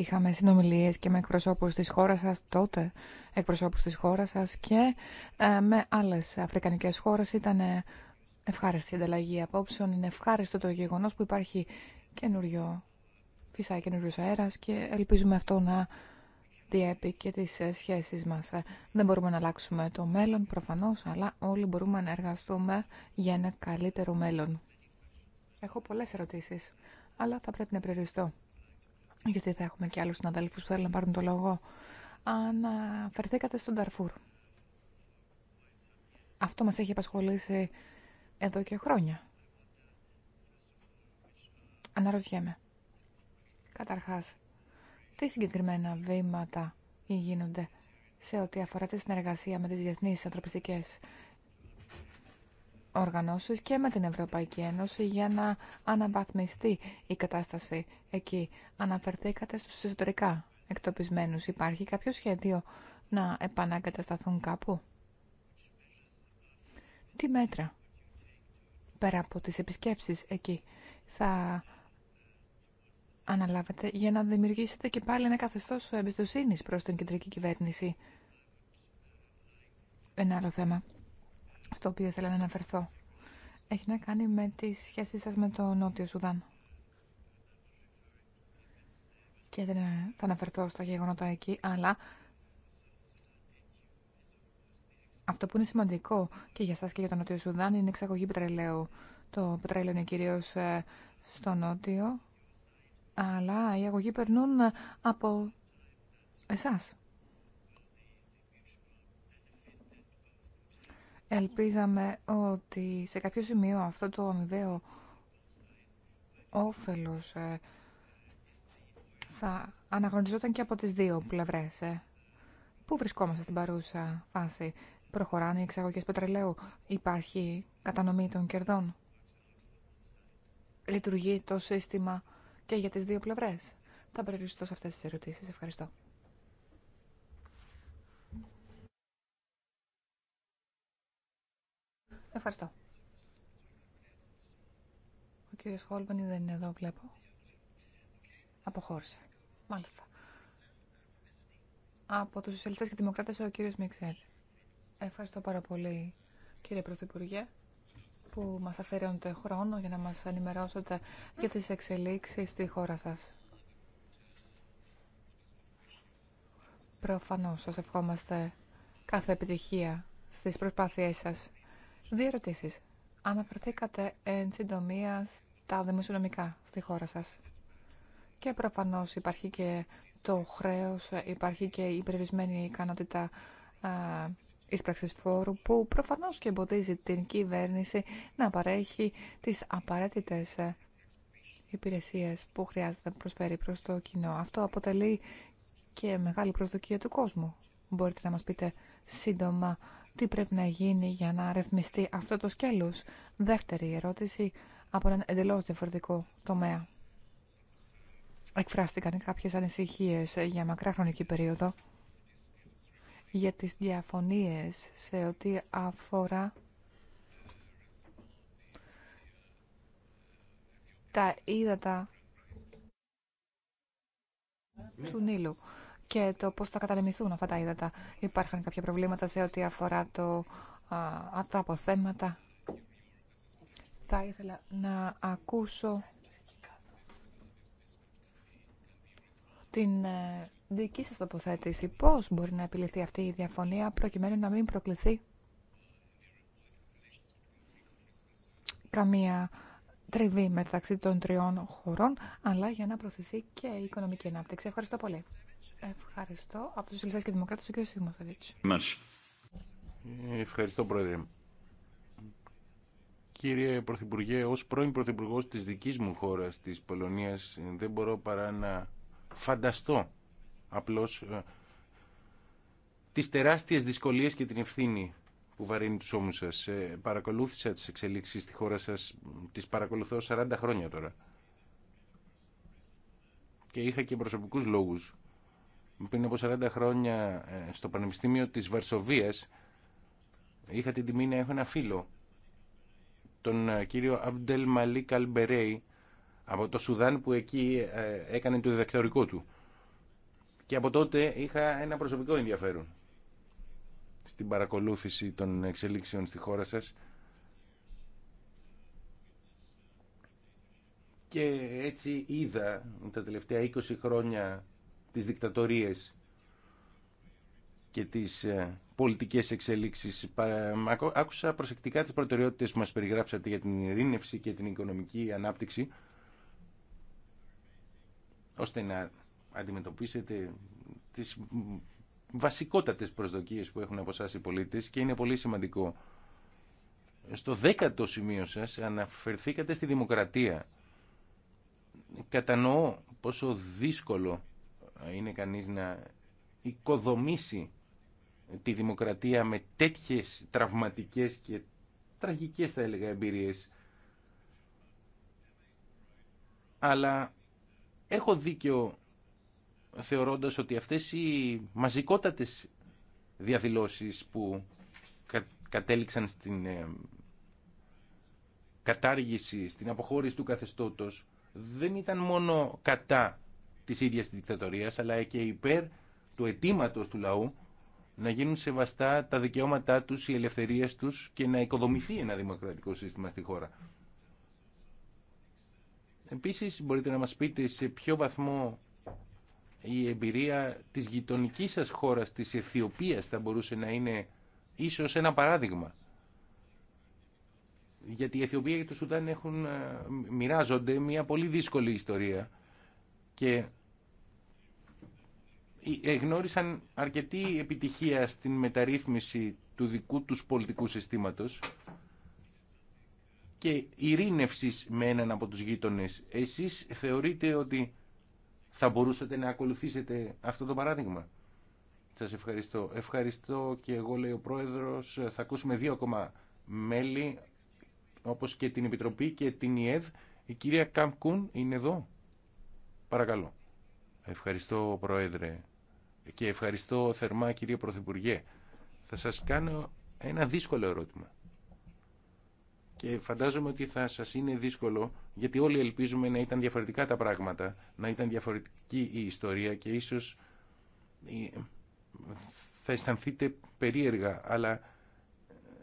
Είχαμε συνομιλίες και με εκπροσώπους της χώρας σας τότε, εκπροσώπους της χώρας σας και ε, με άλλες αφρικανικές χώρες. Ήταν ευχάριστη η ανταλλαγή απόψεων. Είναι ευχάριστο το γεγονός που υπάρχει καινούριο και καινούριος αέρας και ελπίζουμε αυτό να διέπει και τις ε, σχέσεις μας. Ε, δεν μπορούμε να αλλάξουμε το μέλλον προφανώς, αλλά όλοι μπορούμε να εργαστούμε για ένα καλύτερο μέλλον. Έχω πολλές ερωτήσεις, αλλά θα πρέπει να περιοριστώ γιατί θα έχουμε και άλλους συναδέλφους που θέλουν να πάρουν το λόγο, αναφερθήκατε στον Ταρφούρ. Αυτό μας έχει απασχολήσει εδώ και χρόνια. Αναρωτιέμαι. Καταρχάς, τι συγκεκριμένα βήματα γίνονται σε ό,τι αφορά τη συνεργασία με τις διεθνείς ανθρωπιστικές οργανώσεις και με την Ευρωπαϊκή Ένωση για να αναβαθμιστεί η κατάσταση εκεί. Αναφερθήκατε στους εσωτερικά εκτοπισμένους. Υπάρχει κάποιο σχέδιο να επανακατασταθούν κάπου. Τι μέτρα πέρα από τις επισκέψεις εκεί θα αναλάβετε για να δημιουργήσετε και πάλι ένα καθεστώς εμπιστοσύνης προς την κεντρική κυβέρνηση. Ένα άλλο θέμα στο οποίο ήθελα να αναφερθώ. Έχει να κάνει με τη σχέση σας με το Νότιο Σουδάν. Και δεν θα αναφερθώ στα γεγονότα εκεί, αλλά αυτό που είναι σημαντικό και για σας και για το Νότιο Σουδάν είναι η εξαγωγή πετρελαίου. Το πετρέλαιο είναι κυρίως ε, στο Νότιο, αλλά οι αγωγοί περνούν ε, από εσάς. Ελπίζαμε ότι σε κάποιο σημείο αυτό το αμοιβαίο όφελος ε, θα αναγνωριζόταν και από τις δύο πλευρές. Ε. Πού βρισκόμαστε στην παρούσα φάση. Προχωράνε οι εξαγωγές πετρελαίου. Υπάρχει κατανομή των κερδών. Λειτουργεί το σύστημα και για τις δύο πλευρές. Θα περιοριστώ σε αυτές τις ερωτήσεις. Ευχαριστώ. Ευχαριστώ. Ο κύριος Χόλμαν δεν είναι εδώ, βλέπω. Αποχώρησε. Μάλιστα. Από τους Σοσιαλιστές και Δημοκράτες ο κύριος Μίξερ. Ευχαριστώ πάρα πολύ κύριε Πρωθυπουργέ που μας το χρόνο για να μας ενημερώσετε για τις εξελίξεις στη χώρα σας. Προφανώς σας ευχόμαστε κάθε επιτυχία στις προσπάθειές σας Δύο ερωτήσει. Αναφερθήκατε εν συντομία στα δημοσιονομικά στη χώρα σας. Και προφανώς υπάρχει και το χρέος, υπάρχει και η περιορισμένη ικανότητα εισπραξης φόρου που προφανώς και εμποδίζει την κυβέρνηση να παρέχει τις απαραίτητες ε, υπηρεσίες που χρειάζεται να προσφέρει προς το κοινό. Αυτό αποτελεί και μεγάλη προσδοκία του κόσμου. Μπορείτε να μα πείτε σύντομα τι πρέπει να γίνει για να ρυθμιστεί αυτό το σκέλος. Δεύτερη ερώτηση από έναν εντελώς διαφορετικό τομέα. Εκφράστηκαν κάποιες ανησυχίες για μακρά χρονική περίοδο για τις διαφωνίες σε ό,τι αφορά τα ύδατα του Νείλου και το πώς θα κατανεμηθούν αυτά τα ύδατα. Υπάρχουν κάποια προβλήματα σε ό,τι αφορά το, α, τα αποθέματα. Θα ήθελα να ακούσω την ε, δική σας τοποθέτηση. Πώς μπορεί να επιληθεί αυτή η διαφωνία προκειμένου να μην προκληθεί καμία τριβή μεταξύ των τριών χωρών, αλλά για να προωθηθεί και η οικονομική ανάπτυξη. Ευχαριστώ πολύ. Ευχαριστώ. Από τους Ελληνικούς και Δημοκράτες, ο κ. Σιγμαθαδίτης. Ευχαριστώ, Πρόεδρε. Κύριε Πρωθυπουργέ, ως πρώην Πρωθυπουργός της δικής μου χώρας, της Πολωνίας, δεν μπορώ παρά να φανταστώ απλώς ε, τις τεράστιες δυσκολίες και την ευθύνη που βαρύνει τους ώμους σας. Ε, παρακολούθησα τις εξελίξεις στη χώρα σας, τις παρακολουθώ 40 χρόνια τώρα. Και είχα και προσωπικούς λόγους πριν από 40 χρόνια ε, στο Πανεπιστήμιο της Βαρσοβίας είχα την τιμή να έχω ένα φίλο, τον ε, κύριο Αμπτελ Μαλί Καλμπερέη από το Σουδάν που εκεί ε, έκανε το διδακτορικό του. Και από τότε είχα ένα προσωπικό ενδιαφέρον στην παρακολούθηση των εξελίξεων στη χώρα σας. Και έτσι είδα τα τελευταία 20 χρόνια τις δικτατορίες και τις ε, πολιτικές εξελίξεις. Άκουσα προσεκτικά τις προτεραιότητες που μας περιγράψατε για την ειρήνευση και την οικονομική ανάπτυξη ώστε να αντιμετωπίσετε τις βασικότατες προσδοκίες που έχουν από εσάς οι πολίτες και είναι πολύ σημαντικό. Στο δέκατο σημείο σας αναφερθήκατε στη δημοκρατία. Κατανοώ πόσο δύσκολο είναι κανείς να οικοδομήσει τη δημοκρατία με τέτοιες τραυματικές και τραγικές θα έλεγα εμπειρίες. Αλλά έχω δίκιο θεωρώντας ότι αυτές οι μαζικότατες διαδηλώσεις που κατέληξαν στην ε, κατάργηση, στην αποχώρηση του καθεστώτος δεν ήταν μόνο κατά Τη ίδια τη δικτατορία, αλλά και υπέρ του αιτήματο του λαού να γίνουν σεβαστά τα δικαιώματά τους, οι ελευθερίε τους και να οικοδομηθεί ένα δημοκρατικό σύστημα στη χώρα. Επίση, μπορείτε να μα πείτε σε ποιο βαθμό η εμπειρία της γειτονική σας χώρας, της Αιθιοπίας, θα μπορούσε να είναι ίσως ένα παράδειγμα. Γιατί η Αιθιοπία και το Σουδάν έχουν, ε, μοιράζονται μια πολύ δύσκολη ιστορία και ε, ε, γνώρισαν αρκετή επιτυχία στην μεταρρύθμιση του δικού τους πολιτικού συστήματος και ειρήνευσης με έναν από τους γείτονες. Εσείς θεωρείτε ότι θα μπορούσατε να ακολουθήσετε αυτό το παράδειγμα. Σας ευχαριστώ. Ευχαριστώ και εγώ λέει ο Πρόεδρος. Θα ακούσουμε δύο ακόμα μέλη όπως και την Επιτροπή και την ΙΕΔ. Η κυρία Καμκούν είναι εδώ. Παρακαλώ. Ευχαριστώ Πρόεδρε και ευχαριστώ θερμά κύριε Πρωθυπουργέ. Θα σας κάνω ένα δύσκολο ερώτημα. Και φαντάζομαι ότι θα σας είναι δύσκολο, γιατί όλοι ελπίζουμε να ήταν διαφορετικά τα πράγματα, να ήταν διαφορετική η ιστορία και ίσως θα αισθανθείτε περίεργα, αλλά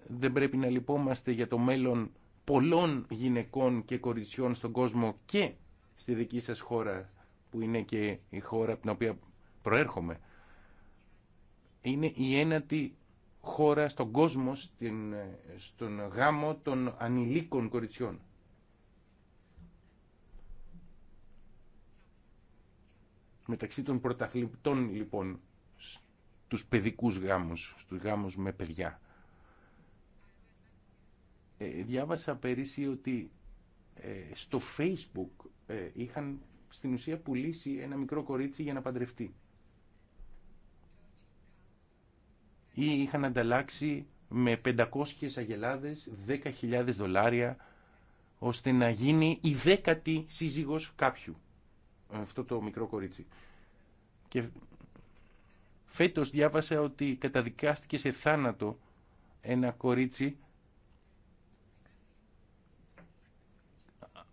δεν πρέπει να λυπόμαστε για το μέλλον πολλών γυναικών και κοριτσιών στον κόσμο και στη δική σας χώρα, που είναι και η χώρα από την οποία προέρχομαι είναι η ένατη χώρα στον κόσμο ε, στον γάμο των ανηλίκων κοριτσιών. Μεταξύ των πρωταθλητών λοιπόν τους παιδικούς γάμους, στους γάμους με παιδιά. Ε, διάβασα πέρυσι ότι ε, στο facebook ε, είχαν στην ουσία πουλήσει ένα μικρό κορίτσι για να παντρευτεί. ή είχαν ανταλλάξει με 500 αγελάδες 10.000 δολάρια ώστε να γίνει η δέκατη σύζυγος κάποιου. Αυτό το μικρό κορίτσι. Και φέτος διάβασα ότι καταδικάστηκε σε θάνατο ένα κορίτσι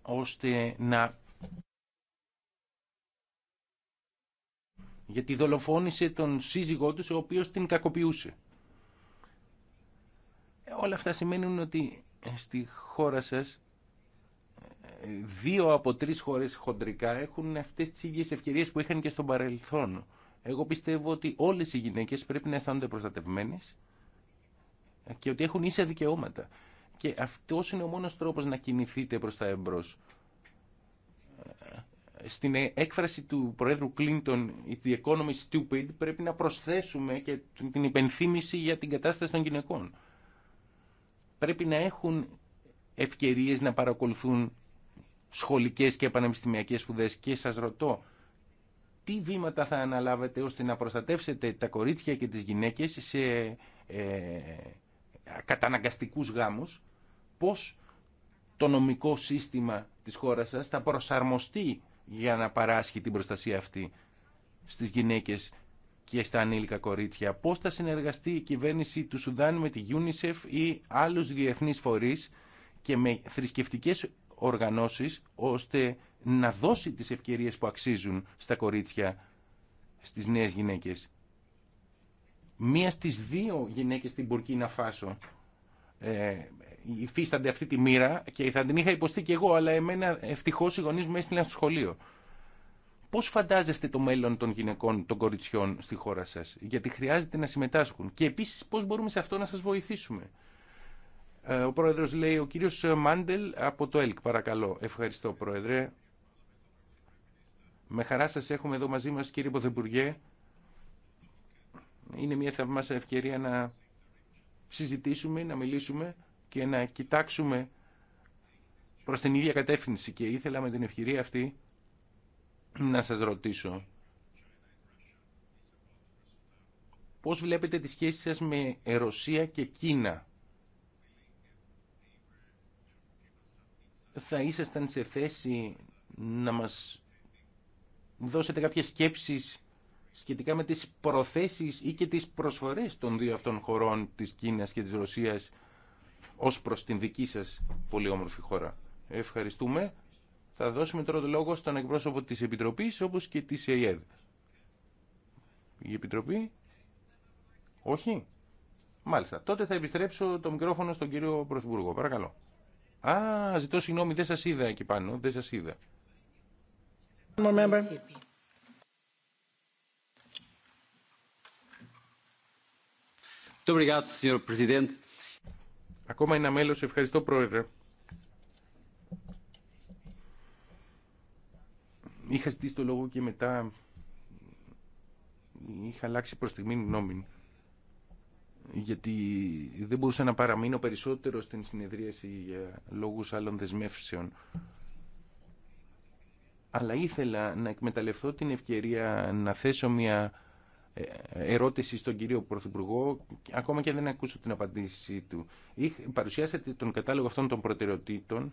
ώστε να γιατί δολοφόνησε τον σύζυγό του ο οποίος την κακοποιούσε. Όλα αυτά σημαίνουν ότι ε, στη χώρα σας ε, δύο από τρεις χώρες χοντρικά έχουν αυτές τις ίδιες ευκαιρίες που είχαν και στον παρελθόν. Εγώ πιστεύω ότι όλες οι γυναίκες πρέπει να αισθάνονται προστατευμένες και ότι έχουν ίσα δικαιώματα. Και αυτό είναι ο μόνος τρόπος να κινηθείτε προς τα εμπρός στην έκφραση του Προέδρου Κλίντον «The economy stupid» πρέπει να προσθέσουμε και την υπενθύμηση για την κατάσταση των γυναικών. Πρέπει να έχουν ευκαιρίες να παρακολουθούν σχολικές και πανεπιστημιακές σπουδές και σας ρωτώ τι βήματα θα αναλάβετε ώστε να προστατεύσετε τα κορίτσια και τις γυναίκες σε ε, καταναγκαστικούς γάμους, πώς το νομικό σύστημα της χώρας σας θα προσαρμοστεί για να παράσχει την προστασία αυτή στις γυναίκες και στα ανήλικα κορίτσια. Πώς θα συνεργαστεί η κυβέρνηση του Σουδάν με τη UNICEF ή άλλους διεθνείς φορείς και με θρησκευτικές οργανώσεις ώστε να δώσει τις ευκαιρίες που αξίζουν στα κορίτσια, στις νέες γυναίκες. Μία στις δύο γυναίκες στην Μπουρκίνα Φάσο ε, υφίστανται αυτή τη μοίρα και θα την είχα υποστεί κι εγώ, αλλά εμένα ευτυχώ οι γονεί μου έστειλαν στο σχολείο. Πώ φαντάζεστε το μέλλον των γυναικών, των κοριτσιών στη χώρα σα, Γιατί χρειάζεται να συμμετάσχουν. Και επίση, πώ μπορούμε σε αυτό να σα βοηθήσουμε. Ε, ο πρόεδρος λέει, ο κύριος Μάντελ από το ΕΛΚ, παρακαλώ. Ευχαριστώ, πρόεδρε. Με χαρά σα έχουμε εδώ μαζί μα κύριε Ποθεπουργέ. Είναι μια θαυμάσια ευκαιρία να συζητήσουμε, να μιλήσουμε και να κοιτάξουμε προς την ίδια κατεύθυνση και ήθελα με την ευκαιρία αυτή να σας ρωτήσω πώς βλέπετε τη σχέση σας με Ρωσία και Κίνα. Θα ήσασταν σε θέση να μας δώσετε κάποιες σκέψεις σχετικά με τις προθέσεις ή και τις προσφορές των δύο αυτών χωρών της Κίνας και της Ρωσίας ως προς την δική σας πολύ όμορφη χώρα. Ευχαριστούμε. Θα δώσουμε τώρα το λόγο στον εκπρόσωπο της Επιτροπής όπως και της ΕΕΔ. Η Επιτροπή. Όχι. Μάλιστα. Τότε θα επιστρέψω το μικρόφωνο στον κύριο Πρωθυπουργό. Παρακαλώ. Α, ζητώ συγγνώμη, δεν σας είδα εκεί πάνω. Δεν σας είδα. Ακόμα ένα μέλος. Ευχαριστώ, Πρόεδρε. Είχα ζητήσει το λόγο και μετά είχα αλλάξει προς στιγμή γνώμη γιατί δεν μπορούσα να παραμείνω περισσότερο στην συνεδρίαση για λόγους άλλων δεσμεύσεων. Αλλά ήθελα να εκμεταλλευτώ την ευκαιρία να θέσω μια ε, ερώτηση στον κύριο Πρωθυπουργό, ακόμα και δεν ακούσω την απαντήσή του. Παρουσιάσατε τον κατάλογο αυτών των προτεραιοτήτων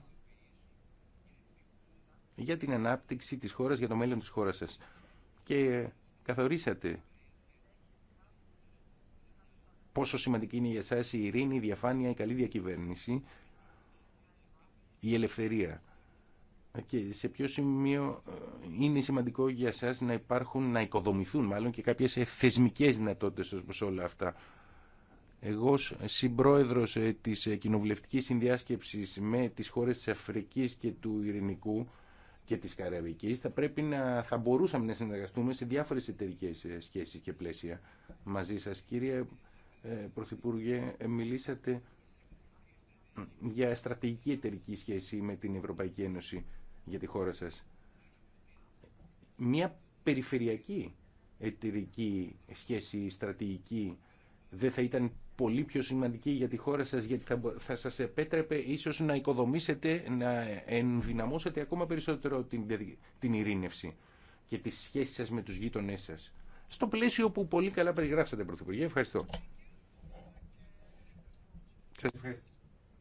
για την ανάπτυξη της χώρας, για το μέλλον της χώρας σας. Και καθορίσατε πόσο σημαντική είναι για εσάς η ειρήνη, η διαφάνεια, η καλή διακυβέρνηση, η ελευθερία και σε ποιο σημείο ε, είναι σημαντικό για σας να υπάρχουν, να οικοδομηθούν μάλλον και κάποιες ε, θεσμικές δυνατότητες όπως όλα αυτά. Εγώ ως συμπρόεδρος ε, της κοινοβουλευτικής συνδιάσκεψης με τις χώρες της Αφρικής και του Ειρηνικού και της Καραβικής θα, πρέπει να, θα μπορούσαμε να συνεργαστούμε σε διάφορες εταιρικέ σχέσεις και πλαίσια μαζί σας. Κύριε Πρωθυπουργέ, μιλήσατε για στρατηγική εταιρική σχέση με την Ευρωπαϊκή Ένωση για τη χώρα σας. Μια περιφερειακή εταιρική σχέση στρατηγική δεν θα ήταν πολύ πιο σημαντική για τη χώρα σας γιατί θα, θα σας επέτρεπε ίσως να οικοδομήσετε, να ενδυναμώσετε ακόμα περισσότερο την, την ειρήνευση και τις σχέσεις σας με τους γείτονές σας. Στο πλαίσιο που πολύ καλά περιγράψατε, Πρωθυπουργέ. Ευχαριστώ. Σας ευχαριστώ.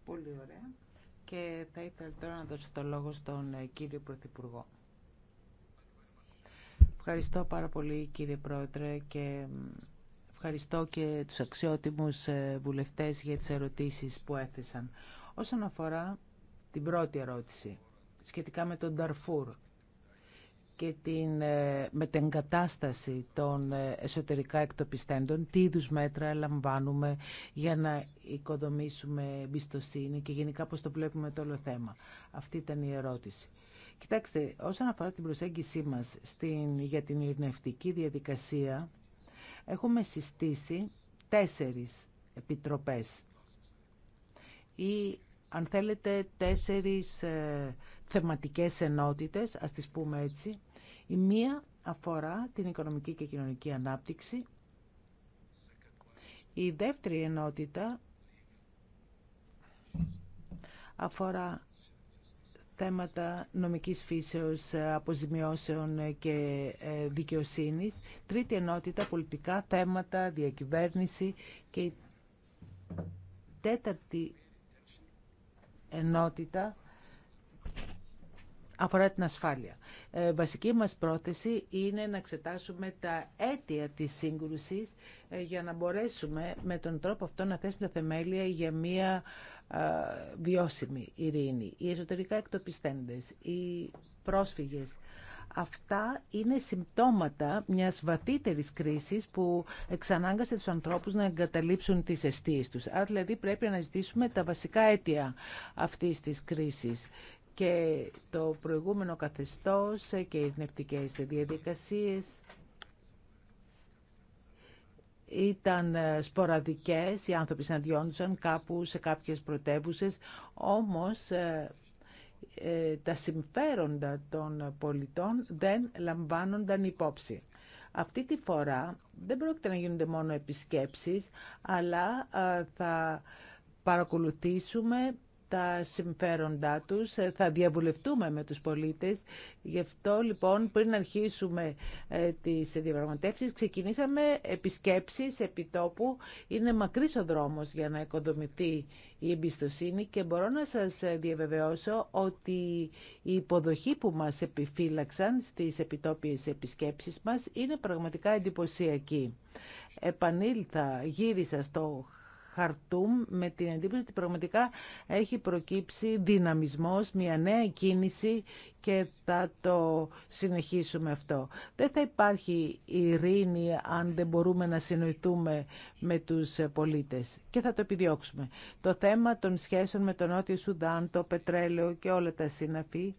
Πολύ ωραία και θα ήθελα τώρα να δώσω το λόγο στον ε, κύριο Πρωθυπουργό. Ευχαριστώ πάρα πολύ κύριε Πρόεδρε και ευχαριστώ και τους αξιότιμους ε, βουλευτές για τις ερωτήσεις που έθεσαν. Όσον αφορά την πρώτη ερώτηση σχετικά με τον Νταρφούρ και την ε, μετεγκατάσταση των ε, εσωτερικά εκτοπιστέντων, τι είδου μέτρα λαμβάνουμε για να οικοδομήσουμε εμπιστοσύνη και γενικά πώς το βλέπουμε το όλο θέμα. Αυτή ήταν η ερώτηση. Κοιτάξτε, όσον αφορά την προσέγγισή μας στην, για την ειρνευτική διαδικασία, έχουμε συστήσει τέσσερις επιτροπές ή αν θέλετε τέσσερις ε, θεματικές ενότητες, ας τις πούμε έτσι, η μία αφορά την οικονομική και κοινωνική ανάπτυξη. Η δεύτερη ενότητα αφορά θέματα νομικής φύσεως, αποζημιώσεων και ε, δικαιοσύνης. Τρίτη ενότητα, πολιτικά θέματα, διακυβέρνηση και η τέταρτη ενότητα αφορά την ασφάλεια. Ε, βασική μας πρόθεση είναι να εξετάσουμε τα αίτια της σύγκρουσης ε, για να μπορέσουμε με τον τρόπο αυτό να θέσουμε τα θεμέλια για μια βιώσιμη ειρήνη. Οι εσωτερικά εκτοπιστέντες, οι πρόσφυγες, Αυτά είναι συμπτώματα μιας βαθύτερης κρίσης που εξανάγκασε τους ανθρώπους να εγκαταλείψουν τις αιστείες τους. Άρα δηλαδή πρέπει να ζητήσουμε τα βασικά αίτια αυτής της κρίσης και το προηγούμενο καθεστώς και οι εθνευτικές διαδικασίες ήταν σποραδικές, οι άνθρωποι συναντιόντουσαν κάπου σε κάποιες πρωτεύουσες, όμως ε, ε, τα συμφέροντα των πολιτών δεν λαμβάνονταν υπόψη. Αυτή τη φορά δεν πρόκειται να γίνονται μόνο επισκέψεις, αλλά ε, θα παρακολουθήσουμε τα συμφέροντά τους. Ε, θα διαβουλευτούμε με τους πολίτες. Γι' αυτό λοιπόν πριν αρχίσουμε ε, τις διαπραγματεύσεις ξεκινήσαμε επισκέψεις επιτόπου. Είναι μακρύς ο δρόμος για να οικοδομηθεί η εμπιστοσύνη και μπορώ να σας ε, διαβεβαιώσω ότι η υποδοχή που μας επιφύλαξαν στις επιτόπιες επισκέψεις μας είναι πραγματικά εντυπωσιακή. Επανήλθα, γύρισα στο Χαρτούμ με την εντύπωση ότι πραγματικά έχει προκύψει δυναμισμός, μια νέα κίνηση και θα το συνεχίσουμε αυτό. Δεν θα υπάρχει ειρήνη αν δεν μπορούμε να συνοηθούμε με τους πολίτες και θα το επιδιώξουμε. Το θέμα των σχέσεων με τον Νότιο Σουδάν, το πετρέλαιο και όλα τα σύναφη,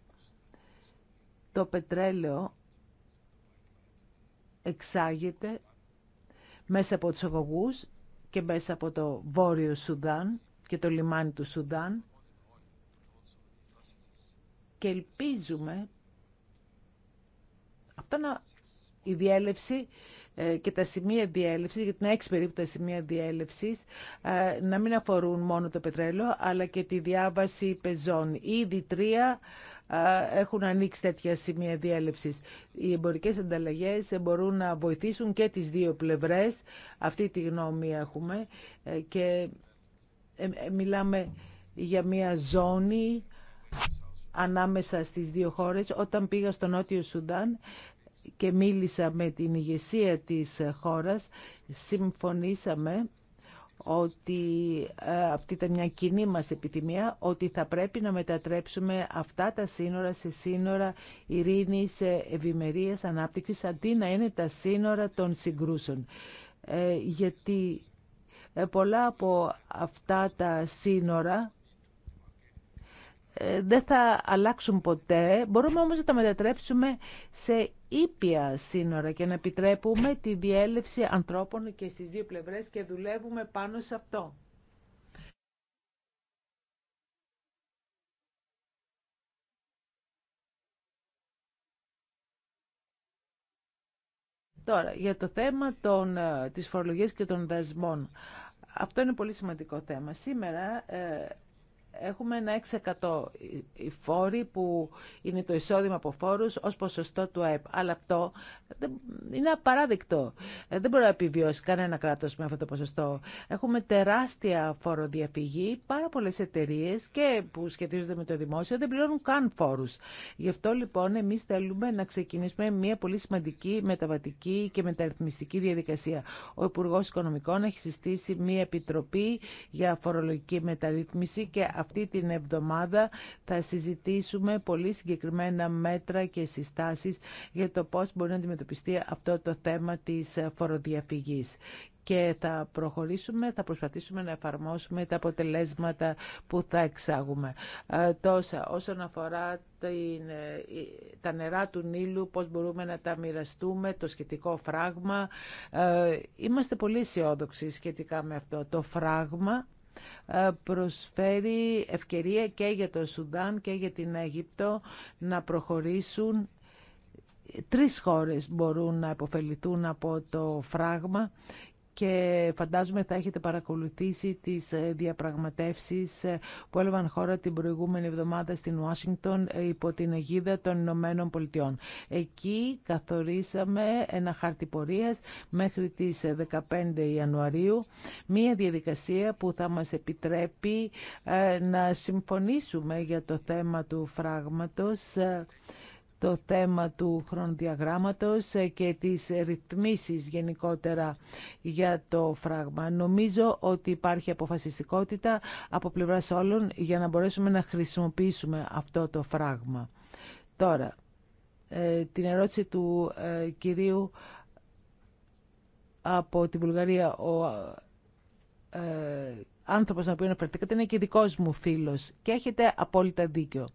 το πετρέλαιο εξάγεται μέσα από τους αγωγούς και μέσα από το Βόρειο Σουδάν και το λιμάνι του Σουδάν και ελπίζουμε αυτό να, η διέλευση ε, και τα σημεία διέλευση γιατί είναι έξι περίπου τα σημεία διέλευση, ε, να μην αφορούν μόνο το πετρέλαιο, αλλά και τη διάβαση πεζών. Ήδη τρία έχουν ανοίξει τέτοια σημεία διέλευση. Οι εμπορικέ ανταλλαγέ μπορούν να βοηθήσουν και τι δύο πλευρέ, Αυτή τη γνώμη έχουμε ε, και ε, ε, μιλάμε για μια ζώνη ανάμεσα στις δύο χώρες. Όταν πήγα στο Νότιο Σουδάν και μίλησα με την ηγεσία της χώρας, συμφωνήσαμε ότι ε, αυτή ήταν μια κοινή μας επιθυμία, ότι θα πρέπει να μετατρέψουμε αυτά τα σύνορα σε σύνορα ειρήνης, ε, ευημερίας, ανάπτυξης, αντί να είναι τα σύνορα των συγκρούσεων. Ε, γιατί πολλά από αυτά τα σύνορα ε, δεν θα αλλάξουν ποτέ. Μπορούμε όμως να τα μετατρέψουμε σε ήπια σύνορα και να επιτρέπουμε τη διέλευση ανθρώπων και στις δύο πλευρές και δουλεύουμε πάνω σε αυτό. Τώρα, για το θέμα των, ε, της φορολογίας και των δασμών. Αυτό είναι πολύ σημαντικό θέμα. Σήμερα ε, έχουμε ένα 6% οι φόροι που είναι το εισόδημα από φόρους ως ποσοστό του ΑΕΠ. Αλλά αυτό είναι απαράδεικτο. Ε, δεν μπορεί να επιβιώσει κανένα κράτος με αυτό το ποσοστό. Έχουμε τεράστια φοροδιαφυγή. Πάρα πολλές εταιρείε και που σχετίζονται με το δημόσιο δεν πληρώνουν καν φόρους. Γι' αυτό λοιπόν εμείς θέλουμε να ξεκινήσουμε μια πολύ σημαντική μεταβατική και μεταρρυθμιστική διαδικασία. Ο Υπουργό Οικονομικών έχει συστήσει μια επιτροπή για φορολογική μεταρρύθμιση και αυτή την εβδομάδα θα συζητήσουμε πολύ συγκεκριμένα μέτρα και συστάσεις για το πώς μπορεί να αντιμετωπιστεί αυτό το θέμα της φοροδιαφυγής και θα προχωρήσουμε, θα προσπαθήσουμε να εφαρμόσουμε τα αποτελέσματα που θα εξάγουμε. Ε, τόσα όσον αφορά την, ε, τα νερά του Νείλου, πώς μπορούμε να τα μοιραστούμε, το σχετικό φράγμα. Ε, είμαστε πολύ αισιόδοξοι σχετικά με αυτό. Το φράγμα ε, προσφέρει ευκαιρία και για το Σουδάν και για την Αίγυπτο να προχωρήσουν. Τρεις χώρες μπορούν να υποφεληθούν από το φράγμα και φαντάζομαι θα έχετε παρακολουθήσει τις ε, διαπραγματεύσεις ε, που έλαβαν χώρα την προηγούμενη εβδομάδα στην Ουάσιγκτον ε, υπό την αιγίδα των Ηνωμένων Πολιτειών. Εκεί καθορίσαμε ένα χάρτη πορείας μέχρι τις 15 Ιανουαρίου, μία διαδικασία που θα μας επιτρέπει να συμφωνήσουμε για το θέμα του φράγματος το θέμα του χρονοδιαγράμματος και τις ρυθμίσεις γενικότερα για το φράγμα. Νομίζω ότι υπάρχει αποφασιστικότητα από πλευράς όλων για να μπορέσουμε να χρησιμοποιήσουμε αυτό το φράγμα. Τώρα, ε, την ερώτηση του ε, κυρίου από τη Βουλγαρία, ο ε, άνθρωπος τον οποίο αναφερθήκατε είναι και δικός μου φίλος και έχετε απόλυτα δίκιο.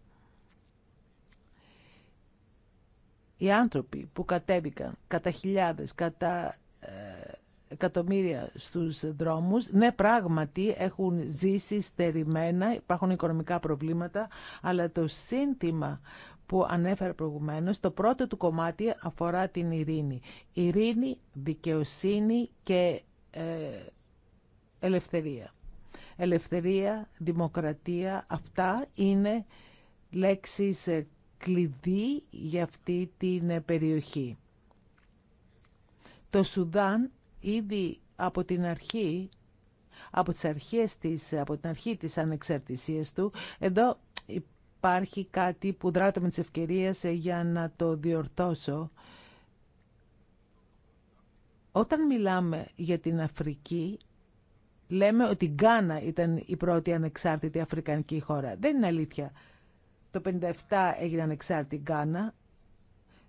οι άνθρωποι που κατέβηκαν κατά χιλιάδες, κατά ε, εκατομμύρια στους δρόμους. Ναι, πράγματι έχουν ζήσει στερημένα, υπάρχουν οικονομικά προβλήματα, αλλά το σύνθημα που ανέφερα προηγουμένως, το πρώτο του κομμάτι αφορά την ειρήνη. Ειρήνη, δικαιοσύνη και ε, ελευθερία. Ελευθερία, δημοκρατία, αυτά είναι λέξεις ε, κλειδί για αυτή την ε, περιοχή. Το Σουδάν ήδη από την αρχή, από τις αρχές της, από την αρχή της ανεξαρτησίας του, εδώ υπάρχει κάτι που δράτω με τις ευκαιρίες ε, για να το διορθώσω. Όταν μιλάμε για την Αφρική, λέμε ότι η Γκάνα ήταν η πρώτη ανεξάρτητη αφρικανική χώρα. Δεν είναι αλήθεια. Το 57 έγινε ανεξάρτητη Γκάνα.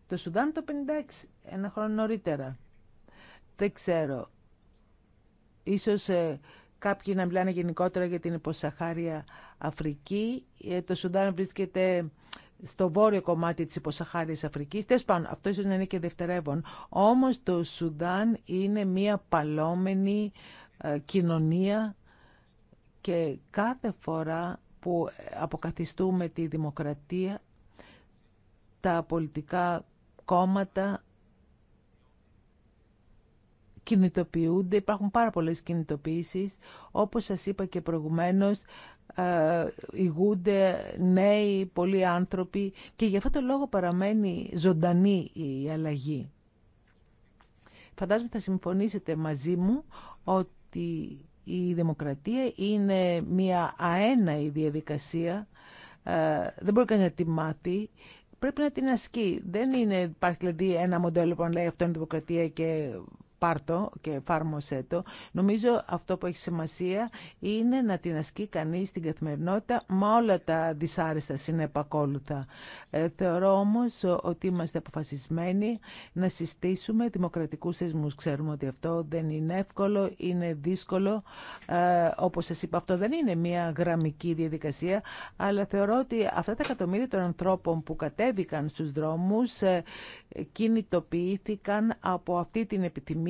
Το Σουδάν το 56, ένα χρόνο νωρίτερα. Δεν ξέρω. Ίσως ε, κάποιοι να μιλάνε γενικότερα για την υποσαχάρια Αφρική. Ε, το Σουδάν βρίσκεται στο βόρειο κομμάτι της υποσαχάριας Αφρικής. Τέλος πάνω. αυτό ίσως να είναι και δευτερεύον. Όμως το Σουδάν είναι μια παλόμενη ε, κοινωνία και κάθε φορά που αποκαθιστούμε τη δημοκρατία, τα πολιτικά κόμματα κινητοποιούνται, υπάρχουν πάρα πολλές κινητοποιήσεις. Όπως σας είπα και προηγουμένως, ε, ηγούνται νέοι, πολλοί άνθρωποι και γι' αυτό το λόγο παραμένει ζωντανή η αλλαγή. Φαντάζομαι θα συμφωνήσετε μαζί μου ότι η δημοκρατία είναι μια αέναη διαδικασία. Ε, δεν μπορεί κανείς να τη μάθει. Πρέπει να την ασκεί. Δεν είναι, υπάρχει δηλαδή ένα μοντέλο που λέει αυτό είναι δημοκρατία και πάρτο και εφάρμοσέ το. Νομίζω αυτό που έχει σημασία είναι να την ασκεί κανεί στην καθημερινότητα με όλα τα δυσάρεστα συνεπακόλουθα. Ε, θεωρώ όμω ότι είμαστε αποφασισμένοι να συστήσουμε δημοκρατικού θεσμού. Ξέρουμε ότι αυτό δεν είναι εύκολο, είναι δύσκολο. Ε, Όπω σα είπα, αυτό δεν είναι μια γραμμική διαδικασία, αλλά θεωρώ ότι αυτά τα εκατομμύρια των ανθρώπων που κατέβηκαν στου δρόμου ε, κινητοποιήθηκαν από αυτή την επιθυμία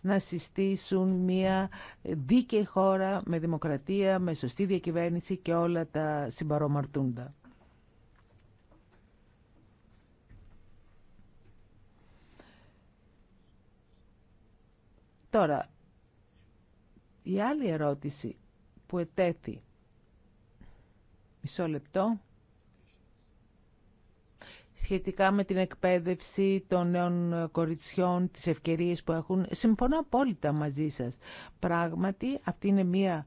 να συστήσουν μια δίκαιη χώρα με δημοκρατία, με σωστή διακυβέρνηση και όλα τα συμπαρομαρτούντα. Τώρα, η άλλη ερώτηση που ετέθη. Μισό λεπτό σχετικά με την εκπαίδευση των νέων κοριτσιών, τις ευκαιρίες που έχουν. Συμφωνώ απόλυτα μαζί σας. Πράγματι, αυτή είναι μια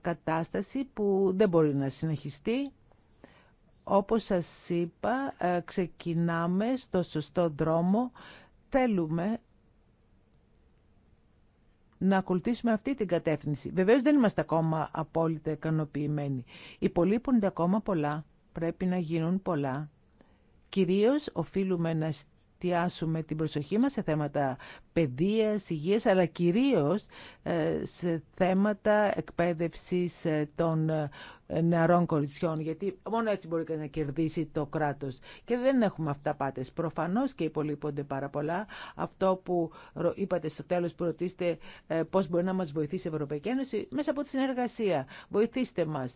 κατάσταση που δεν μπορεί να συνεχιστεί. Όπως σας είπα, ξεκινάμε στο σωστό δρόμο. Θέλουμε να ακολουθήσουμε αυτή την κατεύθυνση. Βεβαίω δεν είμαστε ακόμα απόλυτα ικανοποιημένοι. Υπολείπονται ακόμα πολλά. Πρέπει να γίνουν πολλά. Κυρίως οφείλουμε να εστιάσουμε την προσοχή μας σε θέματα παιδείας, υγείας, αλλά κυρίως ε, σε θέματα εκπαίδευσης ε, των ε, νεαρών κοριτσιών, γιατί μόνο έτσι μπορεί να κερδίσει το κράτος. Και δεν έχουμε αυτά αυταπάτες. Προφανώς και υπολείπονται πάρα πολλά. Αυτό που είπατε στο τέλος που ρωτήσετε ε, πώς μπορεί να μας βοηθήσει η Ευρωπαϊκή Ένωση, μέσα από τη συνεργασία. Βοηθήστε μας,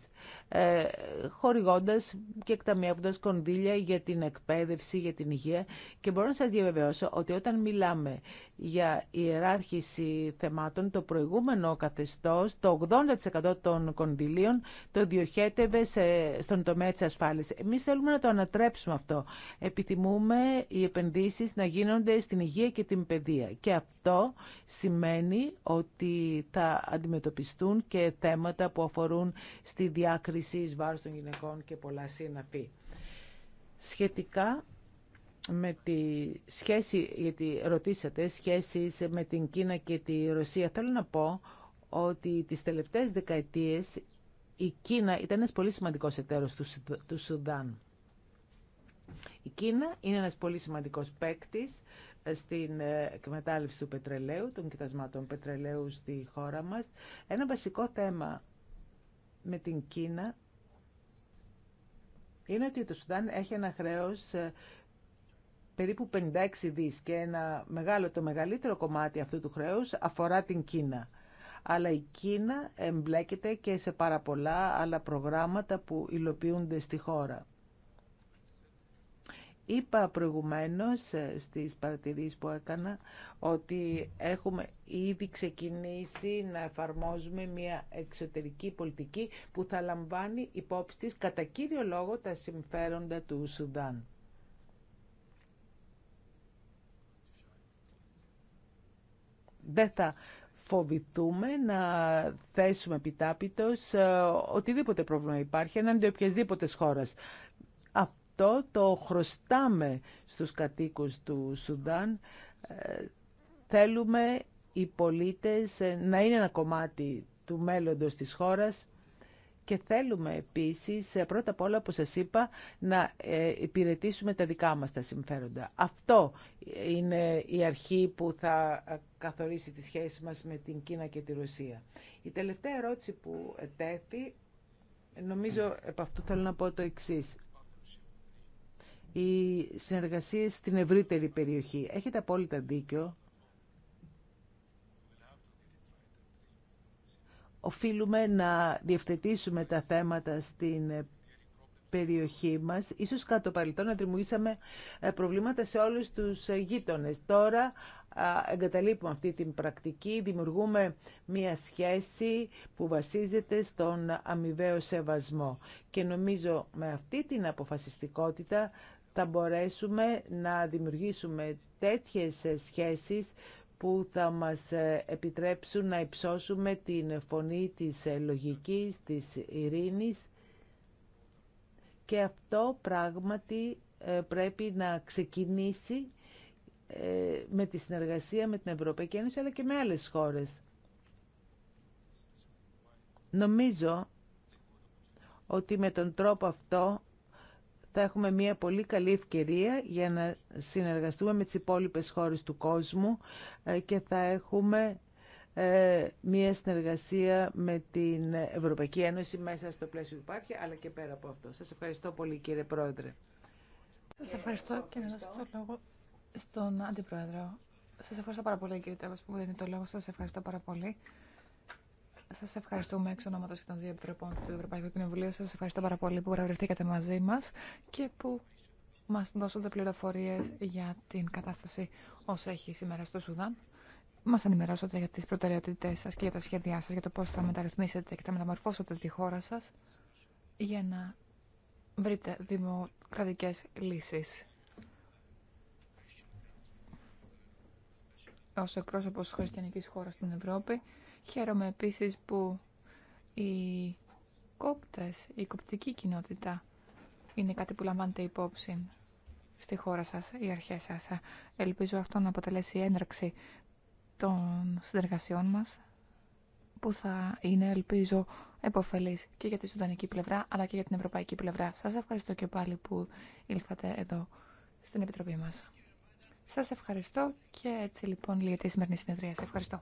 ε, χορηγώντας και εκταμιεύοντας κονδύλια για την εκπαίδευση, για την υγεία. Και μπορώ να σας διαβεβαιώσω ότι όταν μιλάμε για ιεράρχηση θεμάτων, το προηγούμενο καθεστώς, το 80% των κονδυλίων το διοχέτευε στον τομέα της ασφάλειας. Εμείς θέλουμε να το ανατρέψουμε αυτό. Επιθυμούμε οι επενδύσεις να γίνονται στην υγεία και την παιδεία. Και αυτό σημαίνει ότι θα αντιμετωπιστούν και θέματα που αφορούν στη διάκριση εις βάρος των γυναικών και πολλά σύναφη. Σχετικά με τη σχέση, γιατί ρωτήσατε, σχέση με την Κίνα και τη Ρωσία. Θέλω να πω ότι τις τελευταίες δεκαετίες η Κίνα ήταν ένας πολύ σημαντικός εταίρος του, του Σουδάν. Η Κίνα είναι ένας πολύ σημαντικός παίκτη ε, στην ε, εκμετάλλευση του πετρελαίου, των κοιτασμάτων πετρελαίου στη χώρα μας. Ένα βασικό θέμα με την Κίνα είναι ότι το Σουδάν έχει ένα χρέος ε, περίπου 56 δις και ένα μεγάλο, το μεγαλύτερο κομμάτι αυτού του χρέους αφορά την Κίνα. Αλλά η Κίνα εμπλέκεται και σε πάρα πολλά άλλα προγράμματα που υλοποιούνται στη χώρα. Είπα προηγουμένως ε, στις παρατηρήσεις που έκανα ότι έχουμε ήδη ξεκινήσει να εφαρμόζουμε μια εξωτερική πολιτική που θα λαμβάνει υπόψη της κατά κύριο λόγο τα συμφέροντα του Σουδάν. δεν θα φοβηθούμε να θέσουμε επιτάπητος ε, οτιδήποτε πρόβλημα υπάρχει έναντι οποιασδήποτε χώρα. Αυτό το χρωστάμε στους κατοίκους του Σουδάν. Ε, θέλουμε οι πολίτες ε, να είναι ένα κομμάτι του μέλλοντος της χώρας και θέλουμε επίσης, ε, πρώτα απ' όλα, όπως σας είπα, να ε, υπηρετήσουμε τα δικά μας τα συμφέροντα. Αυτό ε, είναι η αρχή που θα καθορίσει τη σχέση μας με την Κίνα και τη Ρωσία. Η τελευταία ερώτηση που τέθη, νομίζω από αυτού θέλω να πω το εξής οι συνεργασίες στην ευρύτερη περιοχή. Έχετε απόλυτα δίκιο οφείλουμε να διευθετήσουμε τα θέματα στην ε, περιοχή μας. Ίσως κατά παρελθόν να δημιουργήσαμε ε, προβλήματα σε όλους τους ε, γείτονες. Τώρα εγκαταλείπουμε αυτή την πρακτική, δημιουργούμε μία σχέση που βασίζεται στον αμοιβαίο σεβασμό. Και νομίζω με αυτή την αποφασιστικότητα θα μπορέσουμε να δημιουργήσουμε τέτοιες σχέσεις που θα μας ε, επιτρέψουν να υψώσουμε την φωνή της ε, λογικής, της ειρήνης και αυτό πράγματι ε, πρέπει να ξεκινήσει με τη συνεργασία με την Ευρωπαϊκή Ένωση αλλά και με άλλες χώρες. Νομίζω ότι με τον τρόπο αυτό θα έχουμε μια πολύ καλή ευκαιρία για να συνεργαστούμε με τις υπόλοιπες χώρες του κόσμου ε, και θα έχουμε ε, μια συνεργασία με την Ευρωπαϊκή Ένωση μέσα στο πλαίσιο που υπάρχει, αλλά και πέρα από αυτό. Σας ευχαριστώ πολύ κύριε Πρόεδρε. Σας ευχαριστώ και να δώσω το λόγο στον Αντιπρόεδρο. Σας ευχαριστώ πάρα πολύ κύριε Τέλος που μου δίνει το λόγο. Σας ευχαριστώ πάρα πολύ. Σα ευχαριστούμε εξ ονόματο και των δύο επιτροπών του Ευρωπαϊκού Κοινοβουλίου. Σα ευχαριστώ πάρα πολύ που παραβρεθήκατε μαζί μα και που μα δώσατε πληροφορίε για την κατάσταση όσο έχει σήμερα στο Σουδάν. Μα ενημερώσατε για τι προτεραιότητέ σα και για τα σχέδιά σα, για το πώ θα μεταρρυθμίσετε και θα μεταμορφώσετε τη χώρα σα για να βρείτε δημοκρατικέ λύσει. Ω εκπρόσωπο χριστιανική χώρα στην Ευρώπη, Χαίρομαι επίσης που οι κόπτες, η κοπτική κοινότητα είναι κάτι που λαμβάνετε υπόψη στη χώρα σας, οι αρχές σας. Ελπίζω αυτό να αποτελέσει έναρξη των συνεργασιών μας που θα είναι, ελπίζω, επωφελής και για τη Σουδανική πλευρά αλλά και για την Ευρωπαϊκή πλευρά. Σας ευχαριστώ και πάλι που ήλθατε εδώ στην Επιτροπή μας. Σας ευχαριστώ και έτσι λοιπόν λύεται τη σημερινή συνεδρία. Σας ευχαριστώ.